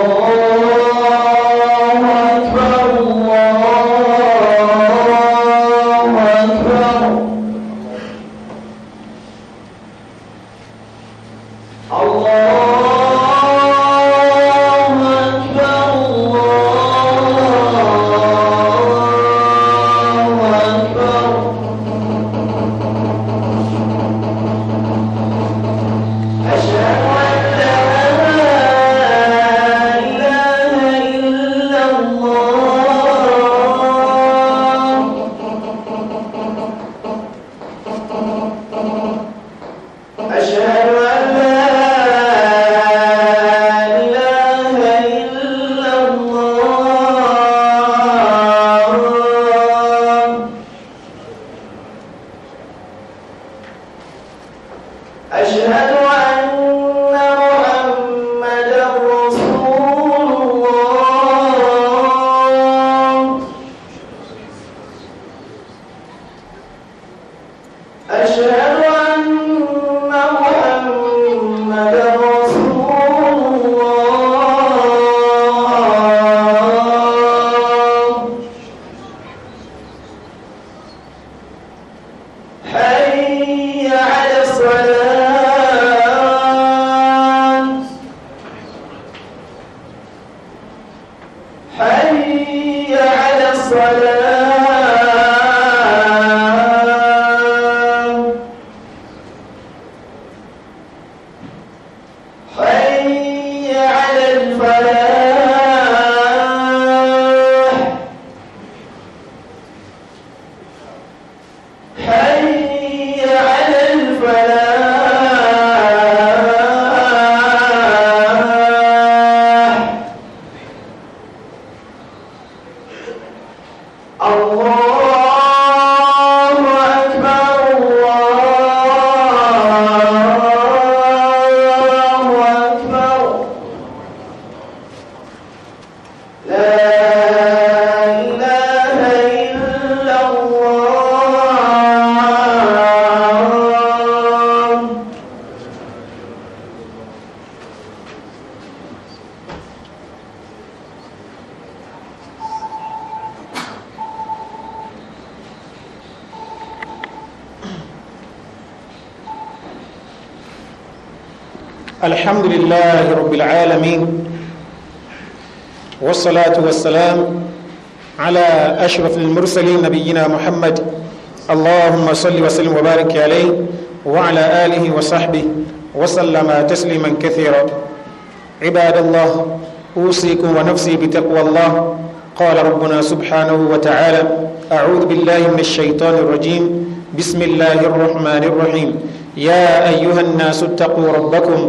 الله على الصلاة الحمد لله رب العالمين والصلاة والسلام على أشرف المرسلين نبينا محمد اللهم صل وسلم وبارك عليه وعلى آله وصحبه وسلم تسليما كثيرا عباد الله أوصيكم ونفسي بتقوى الله قال ربنا سبحانه وتعالى أعوذ بالله من الشيطان الرجيم بسم الله الرحمن الرحيم يا أيها الناس اتقوا ربكم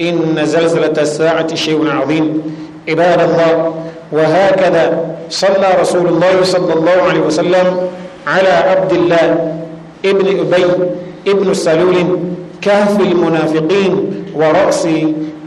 إن زلزلة الساعة شيء عظيم عباد الله وهكذا صلى رسول الله صلى الله عليه وسلم على عبد الله ابن أبي ابن سلول كهف المنافقين ورأس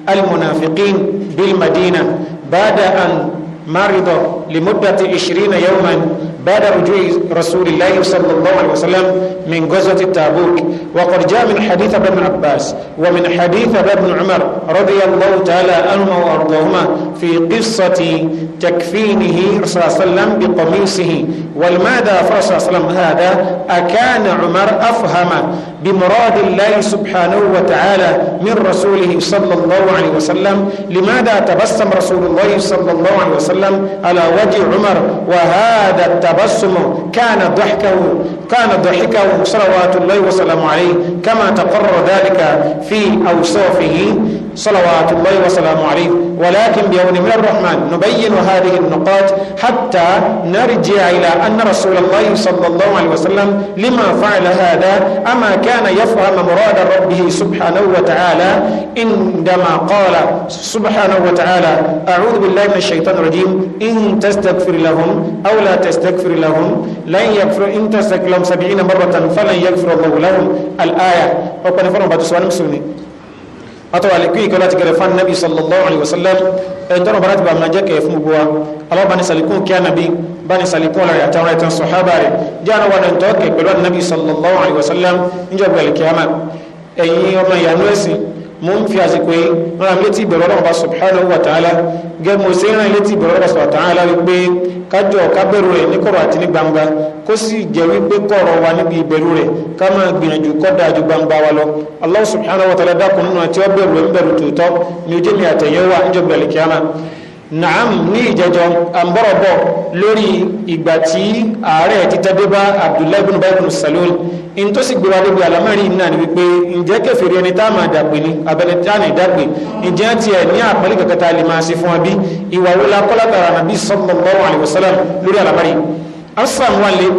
المنافقين بالمدينة بعد أن مرض لمدة عشرين يوما بعد رجوع رسول الله صلى الله عليه وسلم من غزوة التابوك وقد جاء من حديث ابن عباس ومن حديث ابن عمر رضي الله تعالى عنهما وأرضاهما في قصة تكفينه صلى الله عليه وسلم بقميصه والماذا فرس صلى الله عليه وسلم هذا أكان عمر أفهم بمراد الله سبحانه وتعالى من رسوله صلى الله عليه وسلم لماذا تبسم رسول الله صلى الله عليه وسلم على وجه عمر وهذا التبسم كان ضحكه كان ضحكه صلوات الله وسلامه عليه كما تقرر ذلك في أوصافه صلوات الله وسلامه عليه ولكن بيوم من الرحمن نبين هذه النقاط حتى نرجع إلى أن رسول الله صلى الله عليه وسلم لما فعل هذا أما كان يفهم مراد ربه سبحانه وتعالى عندما قال سبحانه وتعالى أعوذ بالله من الشيطان الرجيم إن تستغفر لهم أو لا تستغفر لهم لن يكفر إن تستغفر لهم سبعين مرة فلن يكفر الله لهم الآية كان فرم بعد سؤال مسلمين atọ́wàlẹ̀ kí ìkọ́lá ti gẹ̀rẹ̀ fún anabi sallallahu alayhi wa sallam ẹni eh, tọ́nà bá láti bá máa jẹ́ kẹ̀ fún gbogbo wa aláwọ̀ bani salikun kí anabi bani salikun ọ̀la rẹ̀ àtàwọn ẹ̀tàn sọ̀hábà rẹ̀ jẹ́ àwọn wà lẹ́ntọ́ kẹ̀ pẹ̀lú anabi sallallahu alayhi wa sallam níjọba ẹ̀lẹ́kẹ́ ama ọmọ eh, ìyanu ẹ̀sìn mo ń fi àsìkò yìí rán mi létí ìbẹ̀rù ọlọ́run bá subhanahu wa ta'ala gẹ́gẹ́ mo ṣe ń rán létí ìbẹ̀rù ọlọ́run bá ta'ala wípé kájọ kábẹ̀rù rẹ̀ ní kọ̀rọ̀ àti ní gbangba kó sì jẹ́ wípé kọ̀rọ̀ wa níbi ìbẹ̀rù rẹ̀ ká máa gbìyànjú kọ́ dáa ju gbangba wa lọ Allah subhanahu wa ta'ala dákun nínú àti ọbẹ̀rù rẹ̀ ń bẹ̀rù tòótọ́ ni ojú mi àtẹ̀yẹ́wà níjọba ìlẹ̀kíámà naam ní ìjẹjọ àmbọ̀rọ̀bọ̀ lórí ìgbà tí ààrẹ títẹ́dé bá abdullahi bin Ubay bin Salul in tó sì gbéra débi àlámẹ́rí náà ni wípé ǹjẹ́ kẹfìrí ẹni tá máa dàgbé ni abẹ́lẹ̀ tá ní dàgbé ǹjẹ́ ti ẹ̀ ní àpẹẹlẹ kankan tá a lè máa ṣe fún wa bí ìwà wo la kọ́lá tààrà nàbí sallallahu alaihi wasallam lórí àlámẹ́rí asàmúwalẹ̀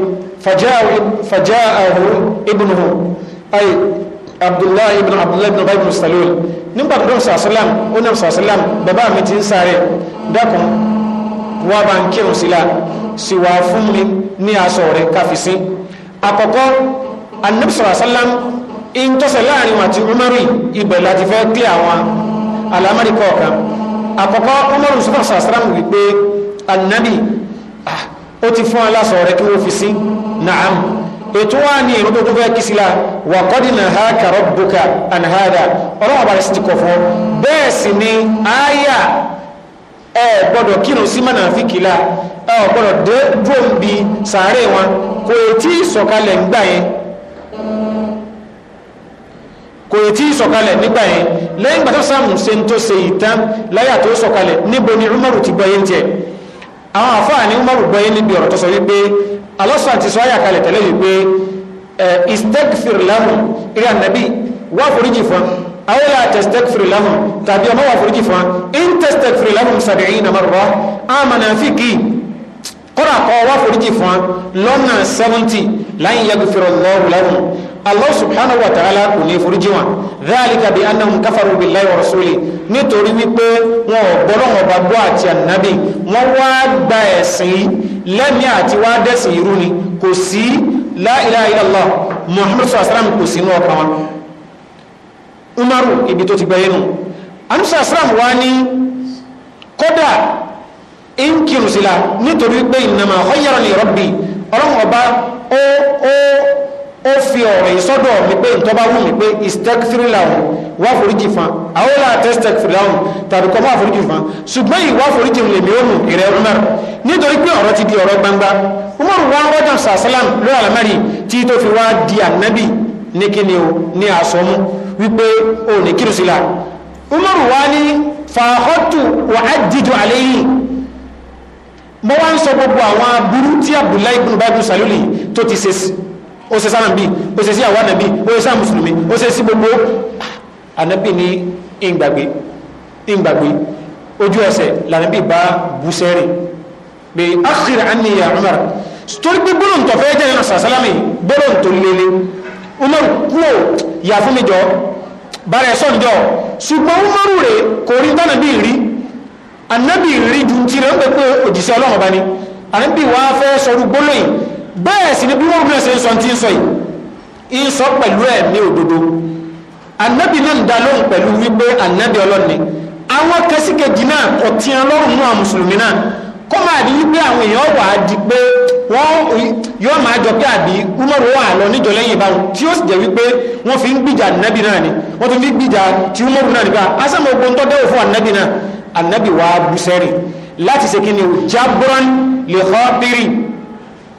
fàjáàwó ibùnú ayé abdullahi ibn abdullahi ibn ubayi ibn salul nígbà tó dọ́n sàásílám ó náà sàásílám bàbá mi ti ń sáré dákun wá bá ń kírun sílá sì wá fún mi ní aṣọ rẹ̀ káfíìsì àkọ́kọ́ anabi sàásílám in tọ́sẹ̀ láàrin wọn àti umaru ibẹ̀ láti fẹ́ pé àwọn alamari kọ̀ọ̀kan àkọ́kọ́ umaru sọ́kọ̀ sàásílám wípé anabi ó ti fún aláṣọ rẹ̀ kí wọ́n fi sí naam ètò wá ní ìrún tó tó fẹ́ kí sílá wà kọ́dínà ha kàrọ̀ bùkà àníhádà ọlọ́wọ́ bá rẹ̀ sì ti kọ̀ fún bẹ́ẹ̀ sì ni àyà ẹ gbọ́dọ̀ kírun sí mọ̀nà fìkìlá ẹ gbọ́dọ̀ dé dúró ń bi sàárè wọn kò tí ì sọ̀kalẹ̀ nígbà yẹn kò tí ì sọ̀kalẹ̀ nígbà yẹn lẹ́yìn gbàtọ́ ṣe ń tó ṣe ìtàn láyà tó sọ̀kalẹ̀ níbo ni Umaru ti gbọ́ yẹn tiẹ̀ àwọn àfáà ní umaru gbọ́yé níbi ọ̀rọ̀ tó sọ wípé alọ́sọ̀ àti sọ àyàkalẹ̀ tẹ́lẹ̀ wípé istekfir lahum ìrìn ànàbí wà foríjì fún awọ́lá testekfir lahum tàbí ọmọ wà foríjì fún in testekfir lahum sàbẹ̀yìn na marra amanafiki kọ́ra kọ́ wà foríjì fún lọ́nà 70 láyìn yagbìfirọ̀ lọ́rù lahum allah subhanahu wa ta'ala kò ní foríjì wọn dhalika bi annahum kafaru billahi wa rasuli nítorí wípé wọn ò gbọ́dọ̀ wọn bá gbọ́ àti ànábì wọn wá gba ẹ̀sìn lẹ́mí àti wá dẹ́sìn irú ni kò sí la ilaha illallah kò sí inú ọkàn wọn ó fi ọ̀rọ̀ ìsọ́dọ̀ mi pé ìtọ́ba wù mí pé istekfiriláhùn wá foríjì fan àwọlà àtẹ́stekfiriláhùn tàbí kọ́ máa foríjì fan ṣùgbọ́n ìwá foríjì ń lè mí òun ìrẹ́ Umar nítorí pé ọ̀rọ̀ ti di ọ̀rọ̀ gbangba Umar wá rọ́jà sàṣálàm lórí àlámẹ́rì tí tó fi wá di ànábì ní kíni o ní àsọmú wípé o ní kírùsílà Umar wá ní fàáhọ́tù wà á dìjọ àléyìn mo wá ń sọ gbogbo àwọn aburú tí Abdullahi ibn Babu Saluli tó ti ṣe sí ó ṣe sáà nàbí ó ṣe sí àwọn nàbí ó ṣe sáà mùsùlùmí ó ṣe sí gbogbo ànábì ní ìgbàgbé ìgbàgbé ojú ẹsẹ̀ lànàbí bá busẹ́rì pé akhir anni ya Umar torí pé gbọ́dọ̀ tó fẹ́ jẹ́ náà sàsálámì gbọ́dọ̀ tó lélẹ̀ Umar kúrò yà fún mi jọ bàrẹ̀ sọ́njọ́ ṣùgbọ́n Umar rè kò rí tánàbí rí ànábì rí ju ti rẹ̀ ń pẹ́ pé òjìṣẹ́ ọlọ́run bá ní wá fẹ́ sọrú gbólóyìn bẹ́ẹ̀ sì ni bí wọ́n bẹ̀rẹ̀ sí ń sọ tí ń sọ yìí ń sọ pẹ̀lú ẹ̀ ní òdodo ànábì náà ń da lóhùn pẹ̀lú wípé ànábì ọlọ́ni àwọn kẹsíkejì náà kò tí ń lọ́rùn mú àwọn mùsùlùmí náà kó máa di wípé àwọn èèyàn wà á di pé wọ́n yóò máa jọ pé àbí umaru wà lọ níjọ lẹ́yìn ìbáwọn tí ó sì jẹ́ wípé wọ́n fi ń gbìjà ànábì náà ni wọ́n tún fi gbìjà ti umaru náà nípa asẹ́mọ̀ ogun tó dẹ́wò fún ànábì náà ànábì wà á bu sẹ́rì láti ṣe kí ni jábọ́n lè họ́ bírì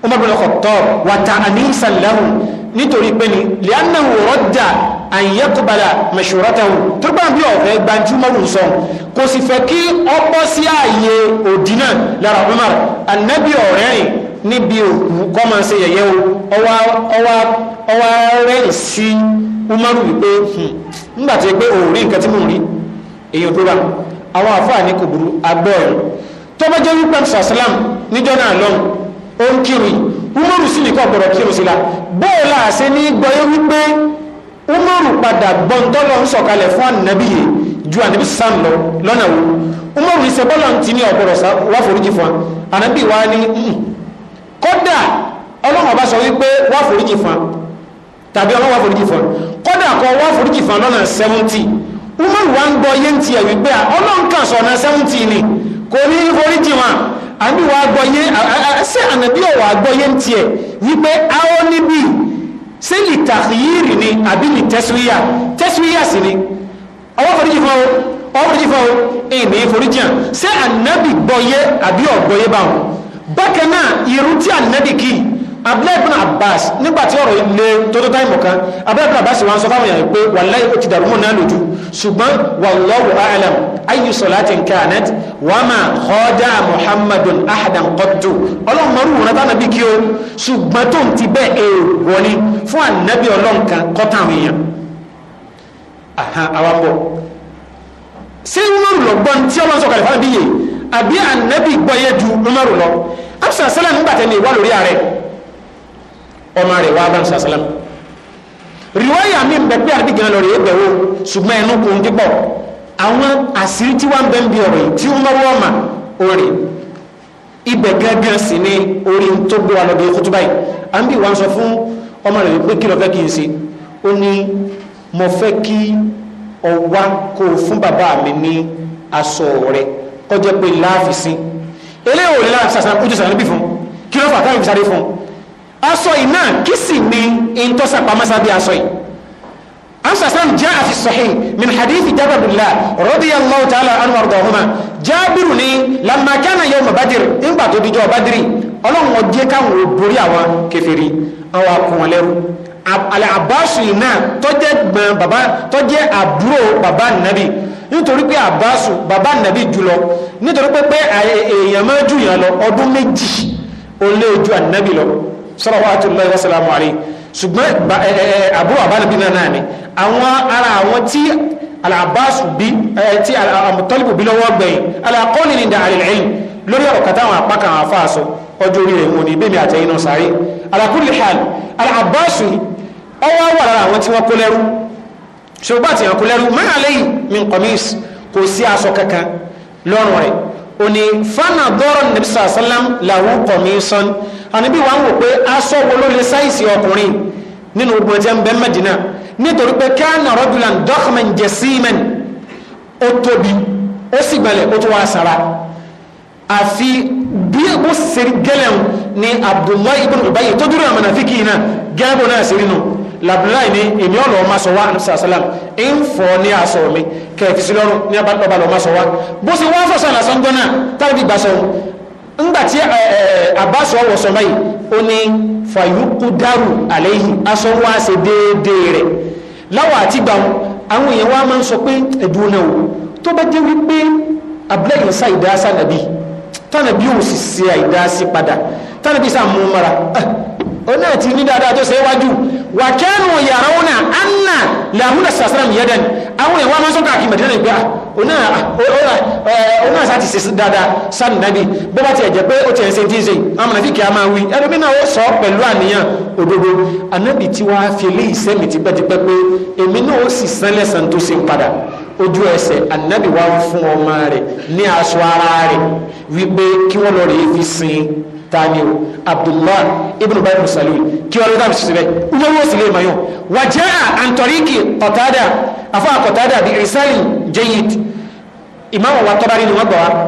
Umar bin Khattab wa ta'anisa lahu nítorí pé ni li'annahu radda an yaqbala mashuratahu turba bí ọ̀fẹ́ gbanjú mọ́rùn sọ kò sì fẹ́ kí ọpọ́ sí ààyè òdínà lára Umar annabi ọ̀rẹ́rin níbi òkú kọ́ máa ṣe yẹ̀yẹ́ o ọwá rẹ́rìn sí Umar wípé hmm, nígbà tí ó ń kírun umaru sì nìkan gbọ́dọ̀ kírun sí la bẹ́ẹ̀ láàṣẹ ní gbọ́yé wípé umaru padà gbọ́ntọ́lọ́ ń sọ̀kalẹ̀ fún ànábì yìí ju ànábì sàn lọ lọ́nà wo umaru ní sẹ́bọ́lá ń ti ní ọ̀gbọ̀dọ̀ wá foríjì fún wa ànábì wa ní kódà ọlọ́run ọba sọ wípé wá foríjì fún wa tàbí ọlọ́run wá foríjì fún kódà kọ wá foríjì fún lọ́nà sẹ́wọ́ntì umaru wa ń gbọ́ yé ń tiẹ̀ wípé ọlọ́run kàn sọ̀nà sẹ́wọ́ntì ni kò ní foríjì wọn àbí wàá gbọ́yé ṣé ànàbí ò wàá gbọ́yé ń tiẹ̀ wípé àwọn níbí ṣé lè tàkìyìrì ni àbí lè tẹ́síwíyà tẹ́síwíyà sì ni ọwọ́ foríjì fún ọ ọwọ́ foríjì fún ọ èmi foríjì hàn ṣé ànàbí gbọ́yé àbí ọ̀gbọ́yé báwọn bákan náà irú tí ànàbí kìí abúlẹ́bùn abbas nígbàtí ọ̀rọ̀ ilé tó tó táìmù kan abúlẹ́bùn abbas wọ́n sọ fáwọn èèyàn pé wallahi ó ti dàrúmù náà lójú ṣùgbọ́n wallahu a'lam ayyu salatin kanat wa ma khada muhammadun ahadan qattu ọlọ́run mọ́rù wọn tánà bí kí o ṣùgbọ́n tó ń ti bẹ́ èèwọ̀ ni fún ànábì ọlọ́run kan kọ́tàwọn èèyàn àwọn bọ̀ ṣé àbí ànábì gbọ́yé ju umaru lọ absalom nígbà tẹ́lẹ̀ wà lórí ààrẹ ọmọ rẹ̀ wá bá ń sàṣàlám rìwáyà mi bẹ̀ pé àdìgàn lọ rèé bẹ̀wò ṣùgbọ́n ẹnu kò ń dípọ̀ àwọn àṣírí tí wọ́n bẹ́ ń bi ọ̀rẹ́ tí wọ́n mọ́wọ́ ọ̀mà orí ibẹ̀ gángan sì ni orí tó gbé wa lọ́dọ̀ ikú tó báyìí à ń bí wọn sọ fún ọmọ rẹ̀ pé kí ló fẹ́ kí n ṣe ó ní mo fẹ́ kí ọwá kó o fún bàbá mi ní aṣọ rẹ̀ kọjá pé láàfin sí eléyìí ò láàfin sàṣà kújú sàṣà níbí fún kí ló fà táwọn ìfisàdé fún aṣọ yìí náà kí sì ni ìtọ́sà pamọ́sá bí aṣọ yìí ansasan jẹ́ àfisọ̀hìn min hadithi jababula radiyallahu ta'ala anhu ardahuma jabiru ni lamma kana yawma badiri nígbà tó dijọ́ badiri ọlọ́run ọdí káwọn ò borí àwọn kèfèrí àwọn akùnwọ̀n lẹ́rú alẹ́ àbáṣù yìí náà tọ́jẹ́ gbọ́n bàbá tọ́jẹ́ àbúrò bàbá nítorí pé àbáṣù bàbá nàbì jùlọ nítorí pé pé èèyàn máa yàn lọ ọdún méjì ó lé ojú ànábì lọ salawatullahi wa salamu alayhi ṣùgbọ́n àbúrò àbánibí náà náà ni àwọn ara àwọn tí al-Abbas bí tí al-Muttalib bí lọ́wọ́ gbẹ̀yìn alákọ́ni ní dàrí ilẹ̀ lórí ọ̀rọ̀ kàtà àwọn apá kan àfa ọjọ́ orí ẹ̀wọ̀n ní bẹ́ẹ̀ àtẹ̀yìn náà sáré ala kulli hal ọwọ́ wà lára àwọn tí wọ́n kó lẹ́rú òní fana dọ́rọ̀ nàbí sàlám làwọn kọ̀míṣán àníbí wàá wò pé aṣọ wo ló lè sáìsì ọkùnrin nínú ogun ẹ̀jẹ̀ ń bẹ́ mẹ́dínà nítorí pé káànà rọ́júlá dọ́kọ̀mẹ̀ ń jẹ símẹ́n ó tóbi ó sì gbalẹ̀ ó tó wá sára àfi bí ó sì gẹ́lẹ̀ ni Abdullahi ibn Ubayy tó dúró àmàlà fíkì náà gẹ́gbó náà sí nínú labdullahi ni èmi ọ̀nà ọmọ sọ wá ní sàṣàlám ń fọ ní aṣọ mi kẹfì sí lọ́rùn ní abálọ́ba lọ́mọ sọ wá bó ṣe wọ́n fọ́sọ̀ lásán gbọ́nà tábìlì gbàṣọ ńgbà tí àbáṣọ wọ̀sọ̀ báyìí ó ní fàyúkú dárù àlẹ́yìn aṣọ wá ṣe déédéé rẹ̀ láwọ̀ àti gbàmù àwọn èèyàn wá máa ń sọ pé ẹ̀dùn náà wò tó bá jẹ́ wípé abúlẹ́yìn sá ìdásá nàbí tánàbí ò sì ṣe àìdásí padà tánàbí sá mú mara ọ náà ti ní dáadáa tó ṣe é wà kẹ́nu yàrá wọn náà anna làhúnà sàsàràm yẹ́dẹ́n àwọn èèyàn wọn máa ń sọ káàkiri mẹ̀dínà ìgbà ọ̀nà àti sèse dáadáa sáà nàbí bó bá tiẹ̀ jẹ́ pé ó tiẹ̀ ń ṣe tí ń ṣe amúnà fi kì á máa wí ẹni bí náà ó sọ pẹ̀lú àníyàn òdodo anábì tí wàá fi ti, ìsẹ́mi tipẹ́tipẹ́ pé èmi náà ó sì sán lẹ́sàn tó ṣe padà ojú ẹsẹ̀ anábì wàá fún ọmọ rẹ̀ ní aṣọ ara rẹ̀ wípé kí wọ́n lọ rèé fi sin tani o abdullah ibn bayi musalul kí wọn lọ dábì sísè bẹ wọn wọn sì lè mọ yọ wàjẹ à antoriki kọtada afa kọtada bi irisali jeyid ìmáwọn wa tọ́ba nínú wọn gbọ́ wa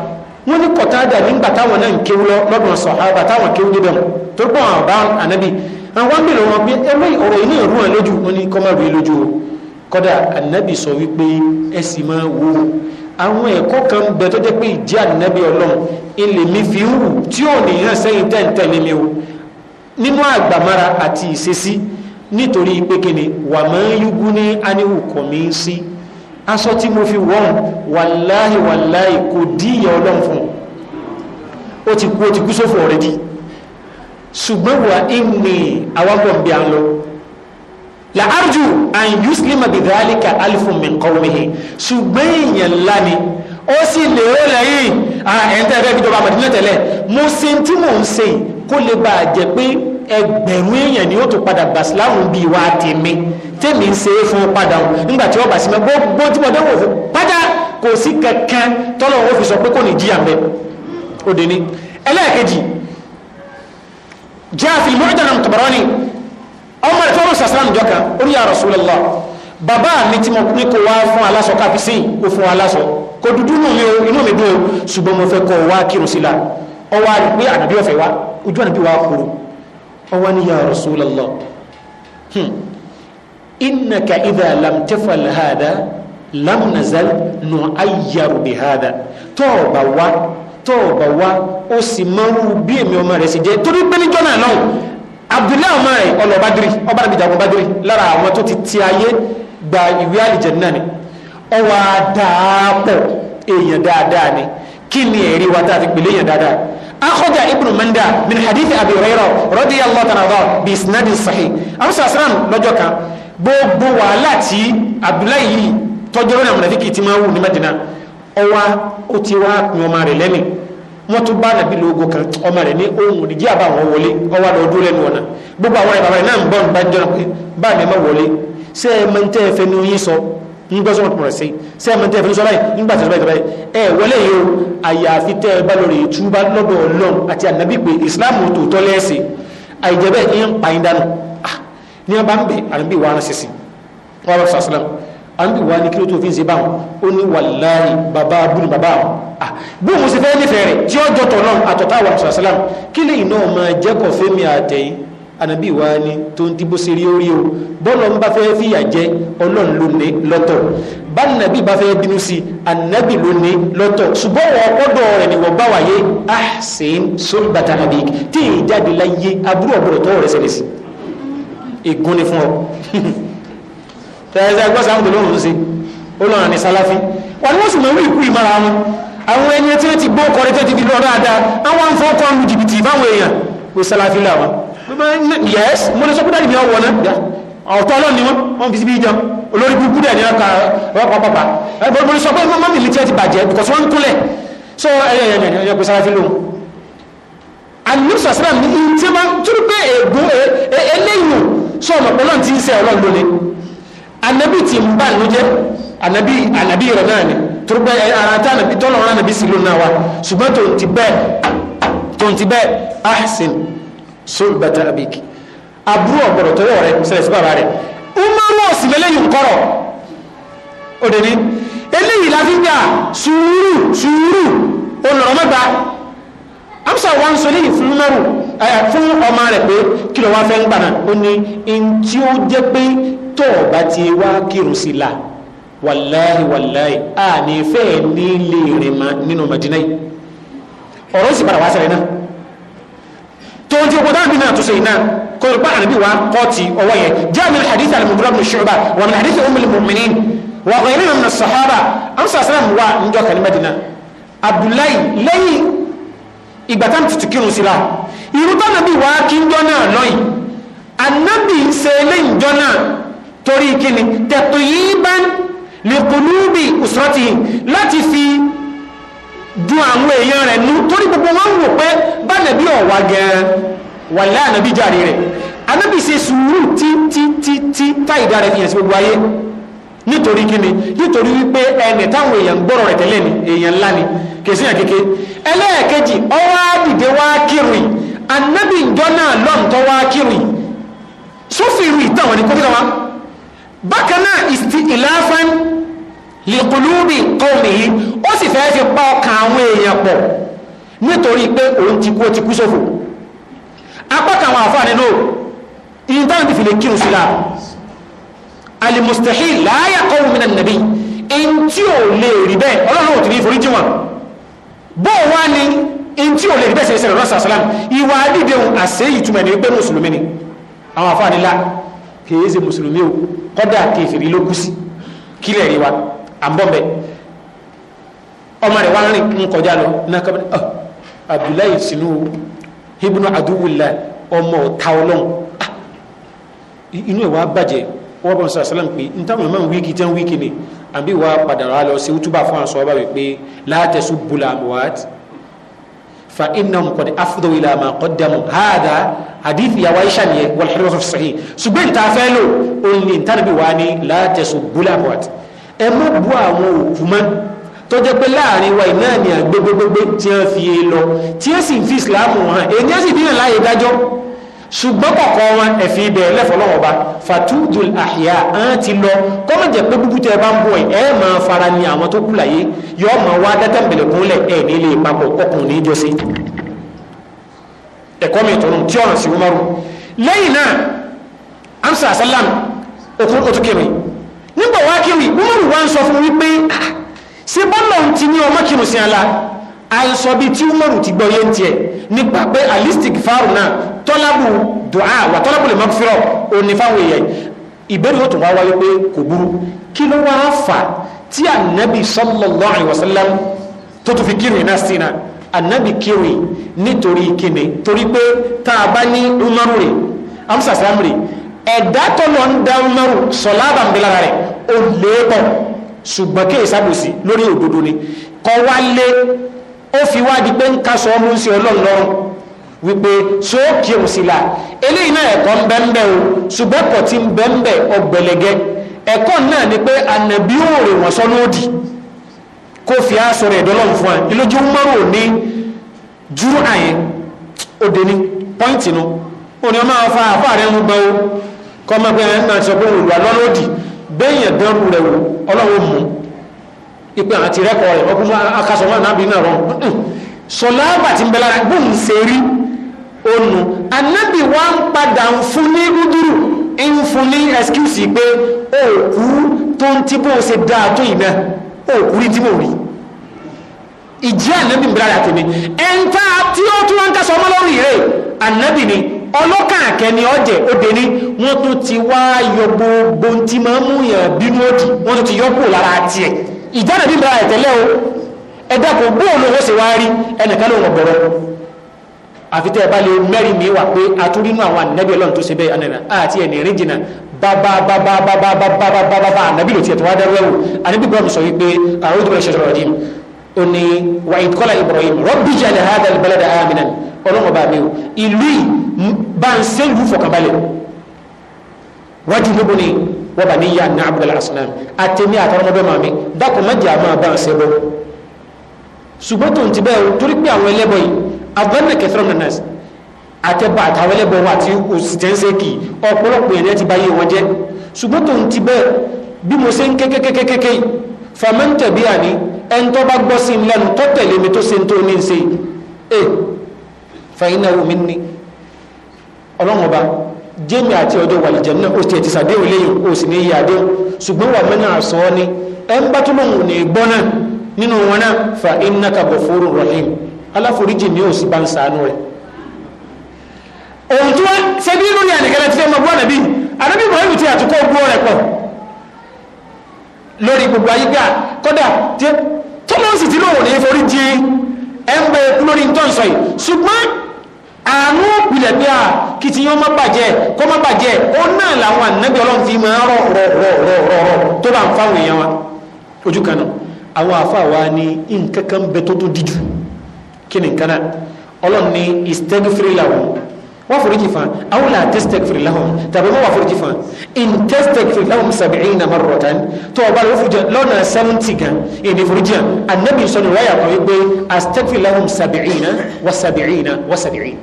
wọn ní kọtada nígbà táwọn náà ń kéwú lọ lọ́dún sọ̀hábà táwọn kéwú débẹ̀ wọn tó gbọ́n àwọn ànábì àwọn mìíràn wọn bí ẹgbẹ́ ọ̀rọ̀ yìí náà lójú wọn ní kọ́mọ̀rù lójú kọ́dà ànábì sọ wípé ẹ sì máa wó àwọn ẹ̀kọ́ kan bẹ tó jẹ́ pé ìjẹ́ ànábì ọlọ́run ilé mi fi ń wù tí ò ní hàn sẹ́yìn tẹ́ǹtẹ́lé mi o nínú àgbàmára àti ìṣesí nítorí pé kíni wà máa ń yúgú ní aníwù kọ̀ mí sí aṣọ tí mo fi wọ́n wàláhì wàláhì kò dí ìyà ọlọ́run fún un ó ti kú ó ti kú sófò ọ̀rẹ́dì ṣùgbọ́n wà ìmì àwọn bọ̀ ń lọ la arju an yuslima bi dhalika alfun min qawmihi ṣùgbọ́n èèyàn ńlá ni ó sì lè ó lẹ́yìn ẹ̀ńtẹ́ ẹ̀fẹ́ ìjọba àmàdínà tẹ́lẹ̀ mo ṣe tí mò ń ṣe kó lè bá a jẹ pé ẹgbẹ̀rún èèyàn ni ó tún padà gbà síláhùn bíi wá tèmi tèmi ń ṣe é fún padà wọn nígbà tí wọ́n bá sí mi gbogbo tí mo dánwò fún pátá kò sí kankan tọ́lọ̀ wọn fi sọ pé kò ní jíyà mbẹ́ òde ẹlẹ́ẹ̀kejì jẹ́ àfihàn mọ́tàn Tabarani ọmọ rẹ̀ tọ́rọ sàsàrà mìjọ kan orí ya Rasulullah bàbá mi tí mo ní kò wá fún aláṣọ káfí sí o fún aláṣọ kò dúdú nù mí o inú mi dùn o ṣùgbọ́n mo fẹ́ kọ́ wá kírun sí la ọwọ́ àrí pé ànàbí ọ̀fẹ́ wa ojú ànàbí wa kúrò ọwọ́ ni ya Rasulullah hmm, innaka idha lam tafal hada lam nazal nu'ayyaru bi hada tọ́ọ̀bà wa tọ́ọ̀bà wa ó sì mọ́rú bí èmi ọmọ rẹ̀ sì jẹ́ torí pé níjọ́ náà náà abdullahi ọmọ rẹ̀ ọlọ badiri ọba nàbí jagun badiri lára àwọn tó ti ti ayé gba ìwé àlìjẹ̀nnà ni ọwọ́ àdàpọ̀ èèyàn dáadáa ni kí ni ẹ̀rí wa tá a fi pèlè èèyàn dáadáa akọjá ibn manda min hadithi abi hurairah radiyallahu ta'ala anhu bi isnadin sahih amusa asram lọ́jọ́ kan gbogbo wàhálà tí abdullahi yìí tọjọ́ rẹ̀ àmọ̀nàfíkì ti máa wù ní madina ọwọ́ ó ti wá pin ọmọ rẹ̀ lẹ́mìí wọ́n tún bá nàbí lóògùn kan ọmọ rẹ̀ ní ohun òdìjí àbá àwọn wọlé ọwọ́ àdó dúró lẹ́nu ọ̀nà gbogbo àwọn ìbàbá rẹ̀ náà ń bọ̀ ń bá jọra pé bá mi má wọlé ṣé ẹ máa ń tẹ́ ẹ fẹ́ ní oyin sọ ń gbọ́ sọ́wọ́n tó rẹ̀ sí ṣé ẹ máa ń tẹ́ ẹ fẹ́ ní sọ́láì ń gbà tẹ́lẹ̀ báyìí ẹ wọlé yìí o àyàfi tẹ́ ẹ bá lọ rè lọ́dọ̀ Ọlọ́run àti ànábì pé Islam tòótọ́ lẹ́ẹ̀sì àǹdù wa ní kí ló tó fi ń ṣe báwọn ó ní wàláì bàbá abúlé bàbá àwọn bí mo ṣe fẹ́ nífẹ̀ẹ́ rẹ̀ tí ó jọtọ̀ náà àtọ̀tá àwọn sàṣàlám kí lè iná ọmọ jẹ́kọ̀ fẹ́mi wa ni tó ń dìbò sí rí orí o bọ́ọ̀lù ń bá fẹ́ fìyà jẹ ọlọ́run ló ní lọ́tọ̀ bá nàbì bá fẹ́ bínú sí ànábì ló ní lọ́tọ̀ ṣùgbọ́n wọn ọ̀pọ̀dọ̀ rẹ̀ ni wọ́n bá wáyé ahsin sọ́lbàtà nàbì tí ìjáde láyé abúrò ọ̀bọ̀rọ̀ tó rẹ̀ sẹ́lẹ̀ sí ègún ni fún ọ tẹ́lẹ̀ gbọ́sà ń gbòlóhùn sí olóòrùn ní sáláfí wà ní wọ́n sì mọ̀ ikú ìmára wọn àwọn ẹni tí ó ti gbó kọrí tó ti di lọ́rọ̀ àdá àwọn ń fọ́kọ́ lu jìbìtì báwọn èèyàn ló sáláfí làwọn yes mo lè sọ pé dáàbì mi ọwọ́ náà ọ̀tọ́ ọlọ́run ni wọ́n wọ́n fi síbi ìjọ olórí kúkú dẹ̀ ní ọkà ọkọ̀ pàpà ẹgbẹ́ mo lè sọ pé mọ́mí mi tiẹ̀ ti bàjẹ́ because wọ́n ń kúnlẹ̀ so ẹyẹ ẹyẹ ẹyẹ pé sáláfí lòun àlùsọ sílẹ̀ ní ìtìmọ̀ tó rí pé ègbó eléyìí sọ̀rọ̀ ọlọ́run ti ń sẹ́ ọlọ́run lónìí anabi ti ń bá ìlú jẹ́ anabi anabi rẹ̀ náà ni turubẹ ara tá anabi tọ́lọ̀ ọ̀rọ̀ anabi sì ló wa ṣùgbọ́n tó ń ti bẹ́ẹ̀ tó ń ti bẹ́ẹ̀ ahsin sulbata abik àbúrò ọ̀gbọ̀dọ̀ tó yọ̀ rẹ̀ sẹ̀lẹ̀ sí bàbá rẹ̀ umaru ọ̀sìn lélẹ́yìn kọ́rọ̀ òde ni eléyìí láti gbà sùúrù sùúrù olùrọ̀ mẹ́ta amsa wa ń sọ léyìn fún umaru fún ọmọ rẹ̀ pé kí ló wá fẹ́ ń gbà náà ó ní ntí ó jẹ́ pé tó o bá ti wá kírun sí la wàláhì wàláhì a ní fẹ́ ní lè rìn ma nínú Madina yìí ọ̀rọ̀ sì padà wá ṣẹlẹ̀ náà tó ń ti ọkọ̀ dáàbì náà tó ṣe iná kò rí pa ànábì wa kọ́ ti ọwọ́ yẹn jáàmì hadith al bin Shu'ba wà mí hadith ummul mu'minin wà ọ̀rẹ́ nínú sahaba amsasalam wa njọ́ kan ní Madina Abdullahi lẹ́yìn ìgbà tá tutù kírun sí la irú tánàbì wa kí njọ́ náà lọ́yìn ànábì ń ṣe lẹ́yìn njọ́ náà torí kíni tẹ̀tù yìí bá lè kùnúùbì òsùrọ́tì láti fi dun àwọn èèyàn rẹ̀ nú torí gbogbo wọn wò pé bá nàbí ọ̀wà gan-an wà láà nàbí jàre rẹ̀ anábì ṣe sùúrù tí tí tí tí táìdá rẹ̀ fìyàn sí gbogbo ayé nítorí kíni nítorí wípé ẹnì táwọn èèyàn gbọ́rọ̀ rẹ̀ tẹ́lẹ̀ ni èèyàn ńlá ni kèsì yàn kéke ẹlẹ́ẹ̀kejì ọwọ́ dìde wá kírun anábì ìjọ náà lọ́ǹtọ́ wá kírun sófin ìrù ìtàn wọn kókítà wa bákanáà ìsìláfán lìkùlùbì kọ́mìí ó sì fẹ́ fi pa ọkàn àwọn èèyàn pọ̀ nítorí pé òun ti kú ó ti kú sófò apákan àwọn àfáà nínú ìyìn táwọn ti fi lè kírun síra alimustahil láyà kọ́wọ́ mi náà nàbí in tí ò lè rí bẹ́ẹ̀ ọlọ́run ò ti ní forí jí wọn bó wá ní in tí ò lè rí bẹ́ẹ̀ sẹ́yìn sẹ́yìn sálám ìwà dídéhùn àṣẹ ní pé mùsùlùmí ni àwọn àfáà nílá kìí mùsùlùmí o kọ́dà kẹfìrí ló kú sí kílẹ̀ rí wa à ń bọ̀ bẹ́ẹ̀ ọmọ rẹ̀ wá rìn ń kọjá lọ ọ ah, Abdullahi sinu ibnu aduwulayi ọmọ ọ̀tá ọlọ́run ah, inú ẹ̀ wá bàjẹ́ wọ́n bọ̀ sọ̀rọ̀ sọ́lá pé n táwọn mẹ́rin ni àbí wàá padà lọ sí wútúbà فإنهم قد أفضوا إلى ما قدموا هذا حديث يا ويشان والحديث في الصحيح سبين تافلو أولي تربي واني لا تسبوا الأموات أما بوا وفمان tó jẹ́ pé láàrin wa iná ni àgbégbégbé tí wọ́n fi lọ tí ó sì ń fi ìsìlámù hàn èyí ó sì bí yàn láàyè dájọ́ ṣùgbọ́n kọ̀ọ̀kan wọn ẹ̀fin ibẹ̀ lẹ́fọ̀lọ́wọ́ bá fatudul ahya án ti lọ kọ́mọ̀ jẹ́ pé búbú tẹ́ bá ń bọ̀ ẹ̀ máa fara ni àwọn tó kú láyé yọ máa wá dátàmbẹ̀lẹ̀ kúnlẹ̀ ẹ̀ nílé papọ̀ kọkùn ní ìjọsí ẹ̀kọ́ mi tọrọ tí ọ̀ràn sí umaru lẹ́yìn náà amsa asalam okun otukemi nígbà wá kiri umaru wá ń sọ fún wípé ah, ṣe bọ́lọ̀ ti ní ọmọ kìrùsìn ala àìsọ bíi tí umaru ti gbọ́ yé ń tiẹ̀ nípa pé alistik faru náà tọ́lábù dùá wà tọ́lábù lè mọ́kúfírọ̀ òní fáwọn èèyàn ìbéèrè yóò tún wá wáyé pé kò burú kí ló wá fà tí ànábì sallallahu alaihi wasallam tó tún fi kírun iná sí iná ànábì kírun nítorí kíni torí pé tá a bá ní umaru rè amsa sam rè ẹ̀dá tó lọ ń da umaru sọlá àbàmìlára rẹ̀ ó léèpọ̀ e ṣùgbọ́n kí ìsàbòsí lórí òdodo ni kọ́ wá lé ó fi wá di pé ń kásọ̀ ọmú ń ṣe ọlọ́run lọ́rùn wípé tí ó kí o sí la o ṣùgbọ́n ẹ̀kọ́ mbembe ń bẹ ń ẹ̀kọ́ náà ni pé ànàbí òòrè wọ́n sọ lódì kó fi aṣọ rẹ̀ dọ́lọ́run fún wa ìlójú mọ́rò ní júrú àyẹn òde ní pọ́ǹtì nu òní ọmọ afa àfa rẹ̀ ń gbọ́ o kọ́ ọmọ pé ẹ̀ sọ pé òòrè lọ́lọ́dì bẹ́yìn dánrù rẹ̀ wò ọlọ́run mú ipe àti rẹ́kọ̀ọ́ rẹ̀ onu anabi wa ń padà ń fún ní rúdúrú ń fún ní ẹskúsì pé òkú tó ń tí bó ṣe dáa tó yìí náà òkú rí tí mò ń rí ìjẹ́ anabi ń bẹ̀rẹ̀ àtẹ̀mí ẹ̀ńtà tí ó tún wọn ká sọ ọmọ lórí rẹ̀ anabi ni ọlọ́kàkẹ́ ni ọ̀jẹ̀ obìnrin wọ́n tún ti wá yọ gbogbo tí máa mú yàn bínú òdì wọ́n tún ti yọ kúrò lára tiẹ̀ ìjẹ́ anabi ń bẹ̀rẹ̀ àtẹ̀lẹ́ o ẹ̀dá kò gbóòlù owó ṣe wá rí ẹnìkan ló ń bọ̀rọ̀ àfitẹ́ ẹ̀bá lè mẹ́rin mi wà pé atúrínú àwọn ànábì ọlọ́run tó ṣe bẹ́ẹ̀ ànàbì àti ẹ̀nì rìn jìnnà bábábábábábábábá ànábì ló tiẹ̀ tó wá dẹ́rù ẹ̀wò ànábì bọ́ọ̀mù sọ wípé àwọn ojúbọ̀ ìṣẹ̀ṣẹ̀ rọ̀ dín o ní wà ìkọlà Ibrahim rọ́bì jẹ́ alẹ́ hàdà balada aminan ọlọ́run bá mi o ìlú bá ń ṣe ìlú bá ń abẹ́nà kẹfẹ́rọ̀ nana àtẹ̀bà àtàwẹ́lẹ́bọ̀ wà tí òsìtẹ́ńsẹ́kì ọ̀pọ̀lọpọ̀ ènìyàn ti bá yé wọn jẹ́ ṣùgbọ́n tó ń ti bẹ́ẹ̀ bí mo ṣe ń kékékékékéké fàmẹ́ǹtẹ̀ bí àní ẹni tó bá gbọ́ sí lẹ́nu tó tẹ̀lé mi tó ṣe tó ní ṣe é fàyínà omi ní ọlọ́run ọba jémi àti ọjọ́ wàlìjẹ̀ náà ó ti ẹ̀ sàdé òlé yìí ó sì ní iye àdé ṣùgbọ́n wà mẹ́nà àṣọ ni ẹ ń bá tó lóhùn gbọ́ náà nínú wọn náà fa aláforíjì ní òsì bá ń sàánú rẹ̀ òun tí wọ́n ṣe bí nínú ní ànìkẹ́lẹ́ ti fẹ́ mọ bọ́ọ̀nà bí àdébí Ibrahim ti àtúkọ́ ogun rẹ̀ pọ̀ lórí gbogbo ayé gbà kọ́dà tó lọ́n sì ti lóòrùn ní forí jí ẹ ń bẹ kú lórí nǹkan sọ yìí ṣùgbọ́n àánú òpìlẹ̀ bí a kì ti yán má bàjẹ́ kó má bàjẹ́ ó náà làwọn ànábì ọlọ́run fi máa rọ̀ rọ̀ rọ̀ rọ̀ rọ̀ tó bá ń fáwọn èèyàn wa ojú kan náà àwọn àfa wa ni nǹkan kan bẹ tó tó díjú kíni kaná ọlọ́run ní istagfiri lahum wọ́n foríjì fan aw la tastagfiri lahum tàbí wọ́n wà foríjì fan in tastagfiri lahum sab'ina marratan tó o bá lọ́wọ́ foríjì lọ́nà sẹ́wọ́ntì gan èdè foríjì hàn anabi sọ̀rọ̀ ìwáyà kan wípé astagfiri lahum sab'ina wa sab'ina wa sab'ina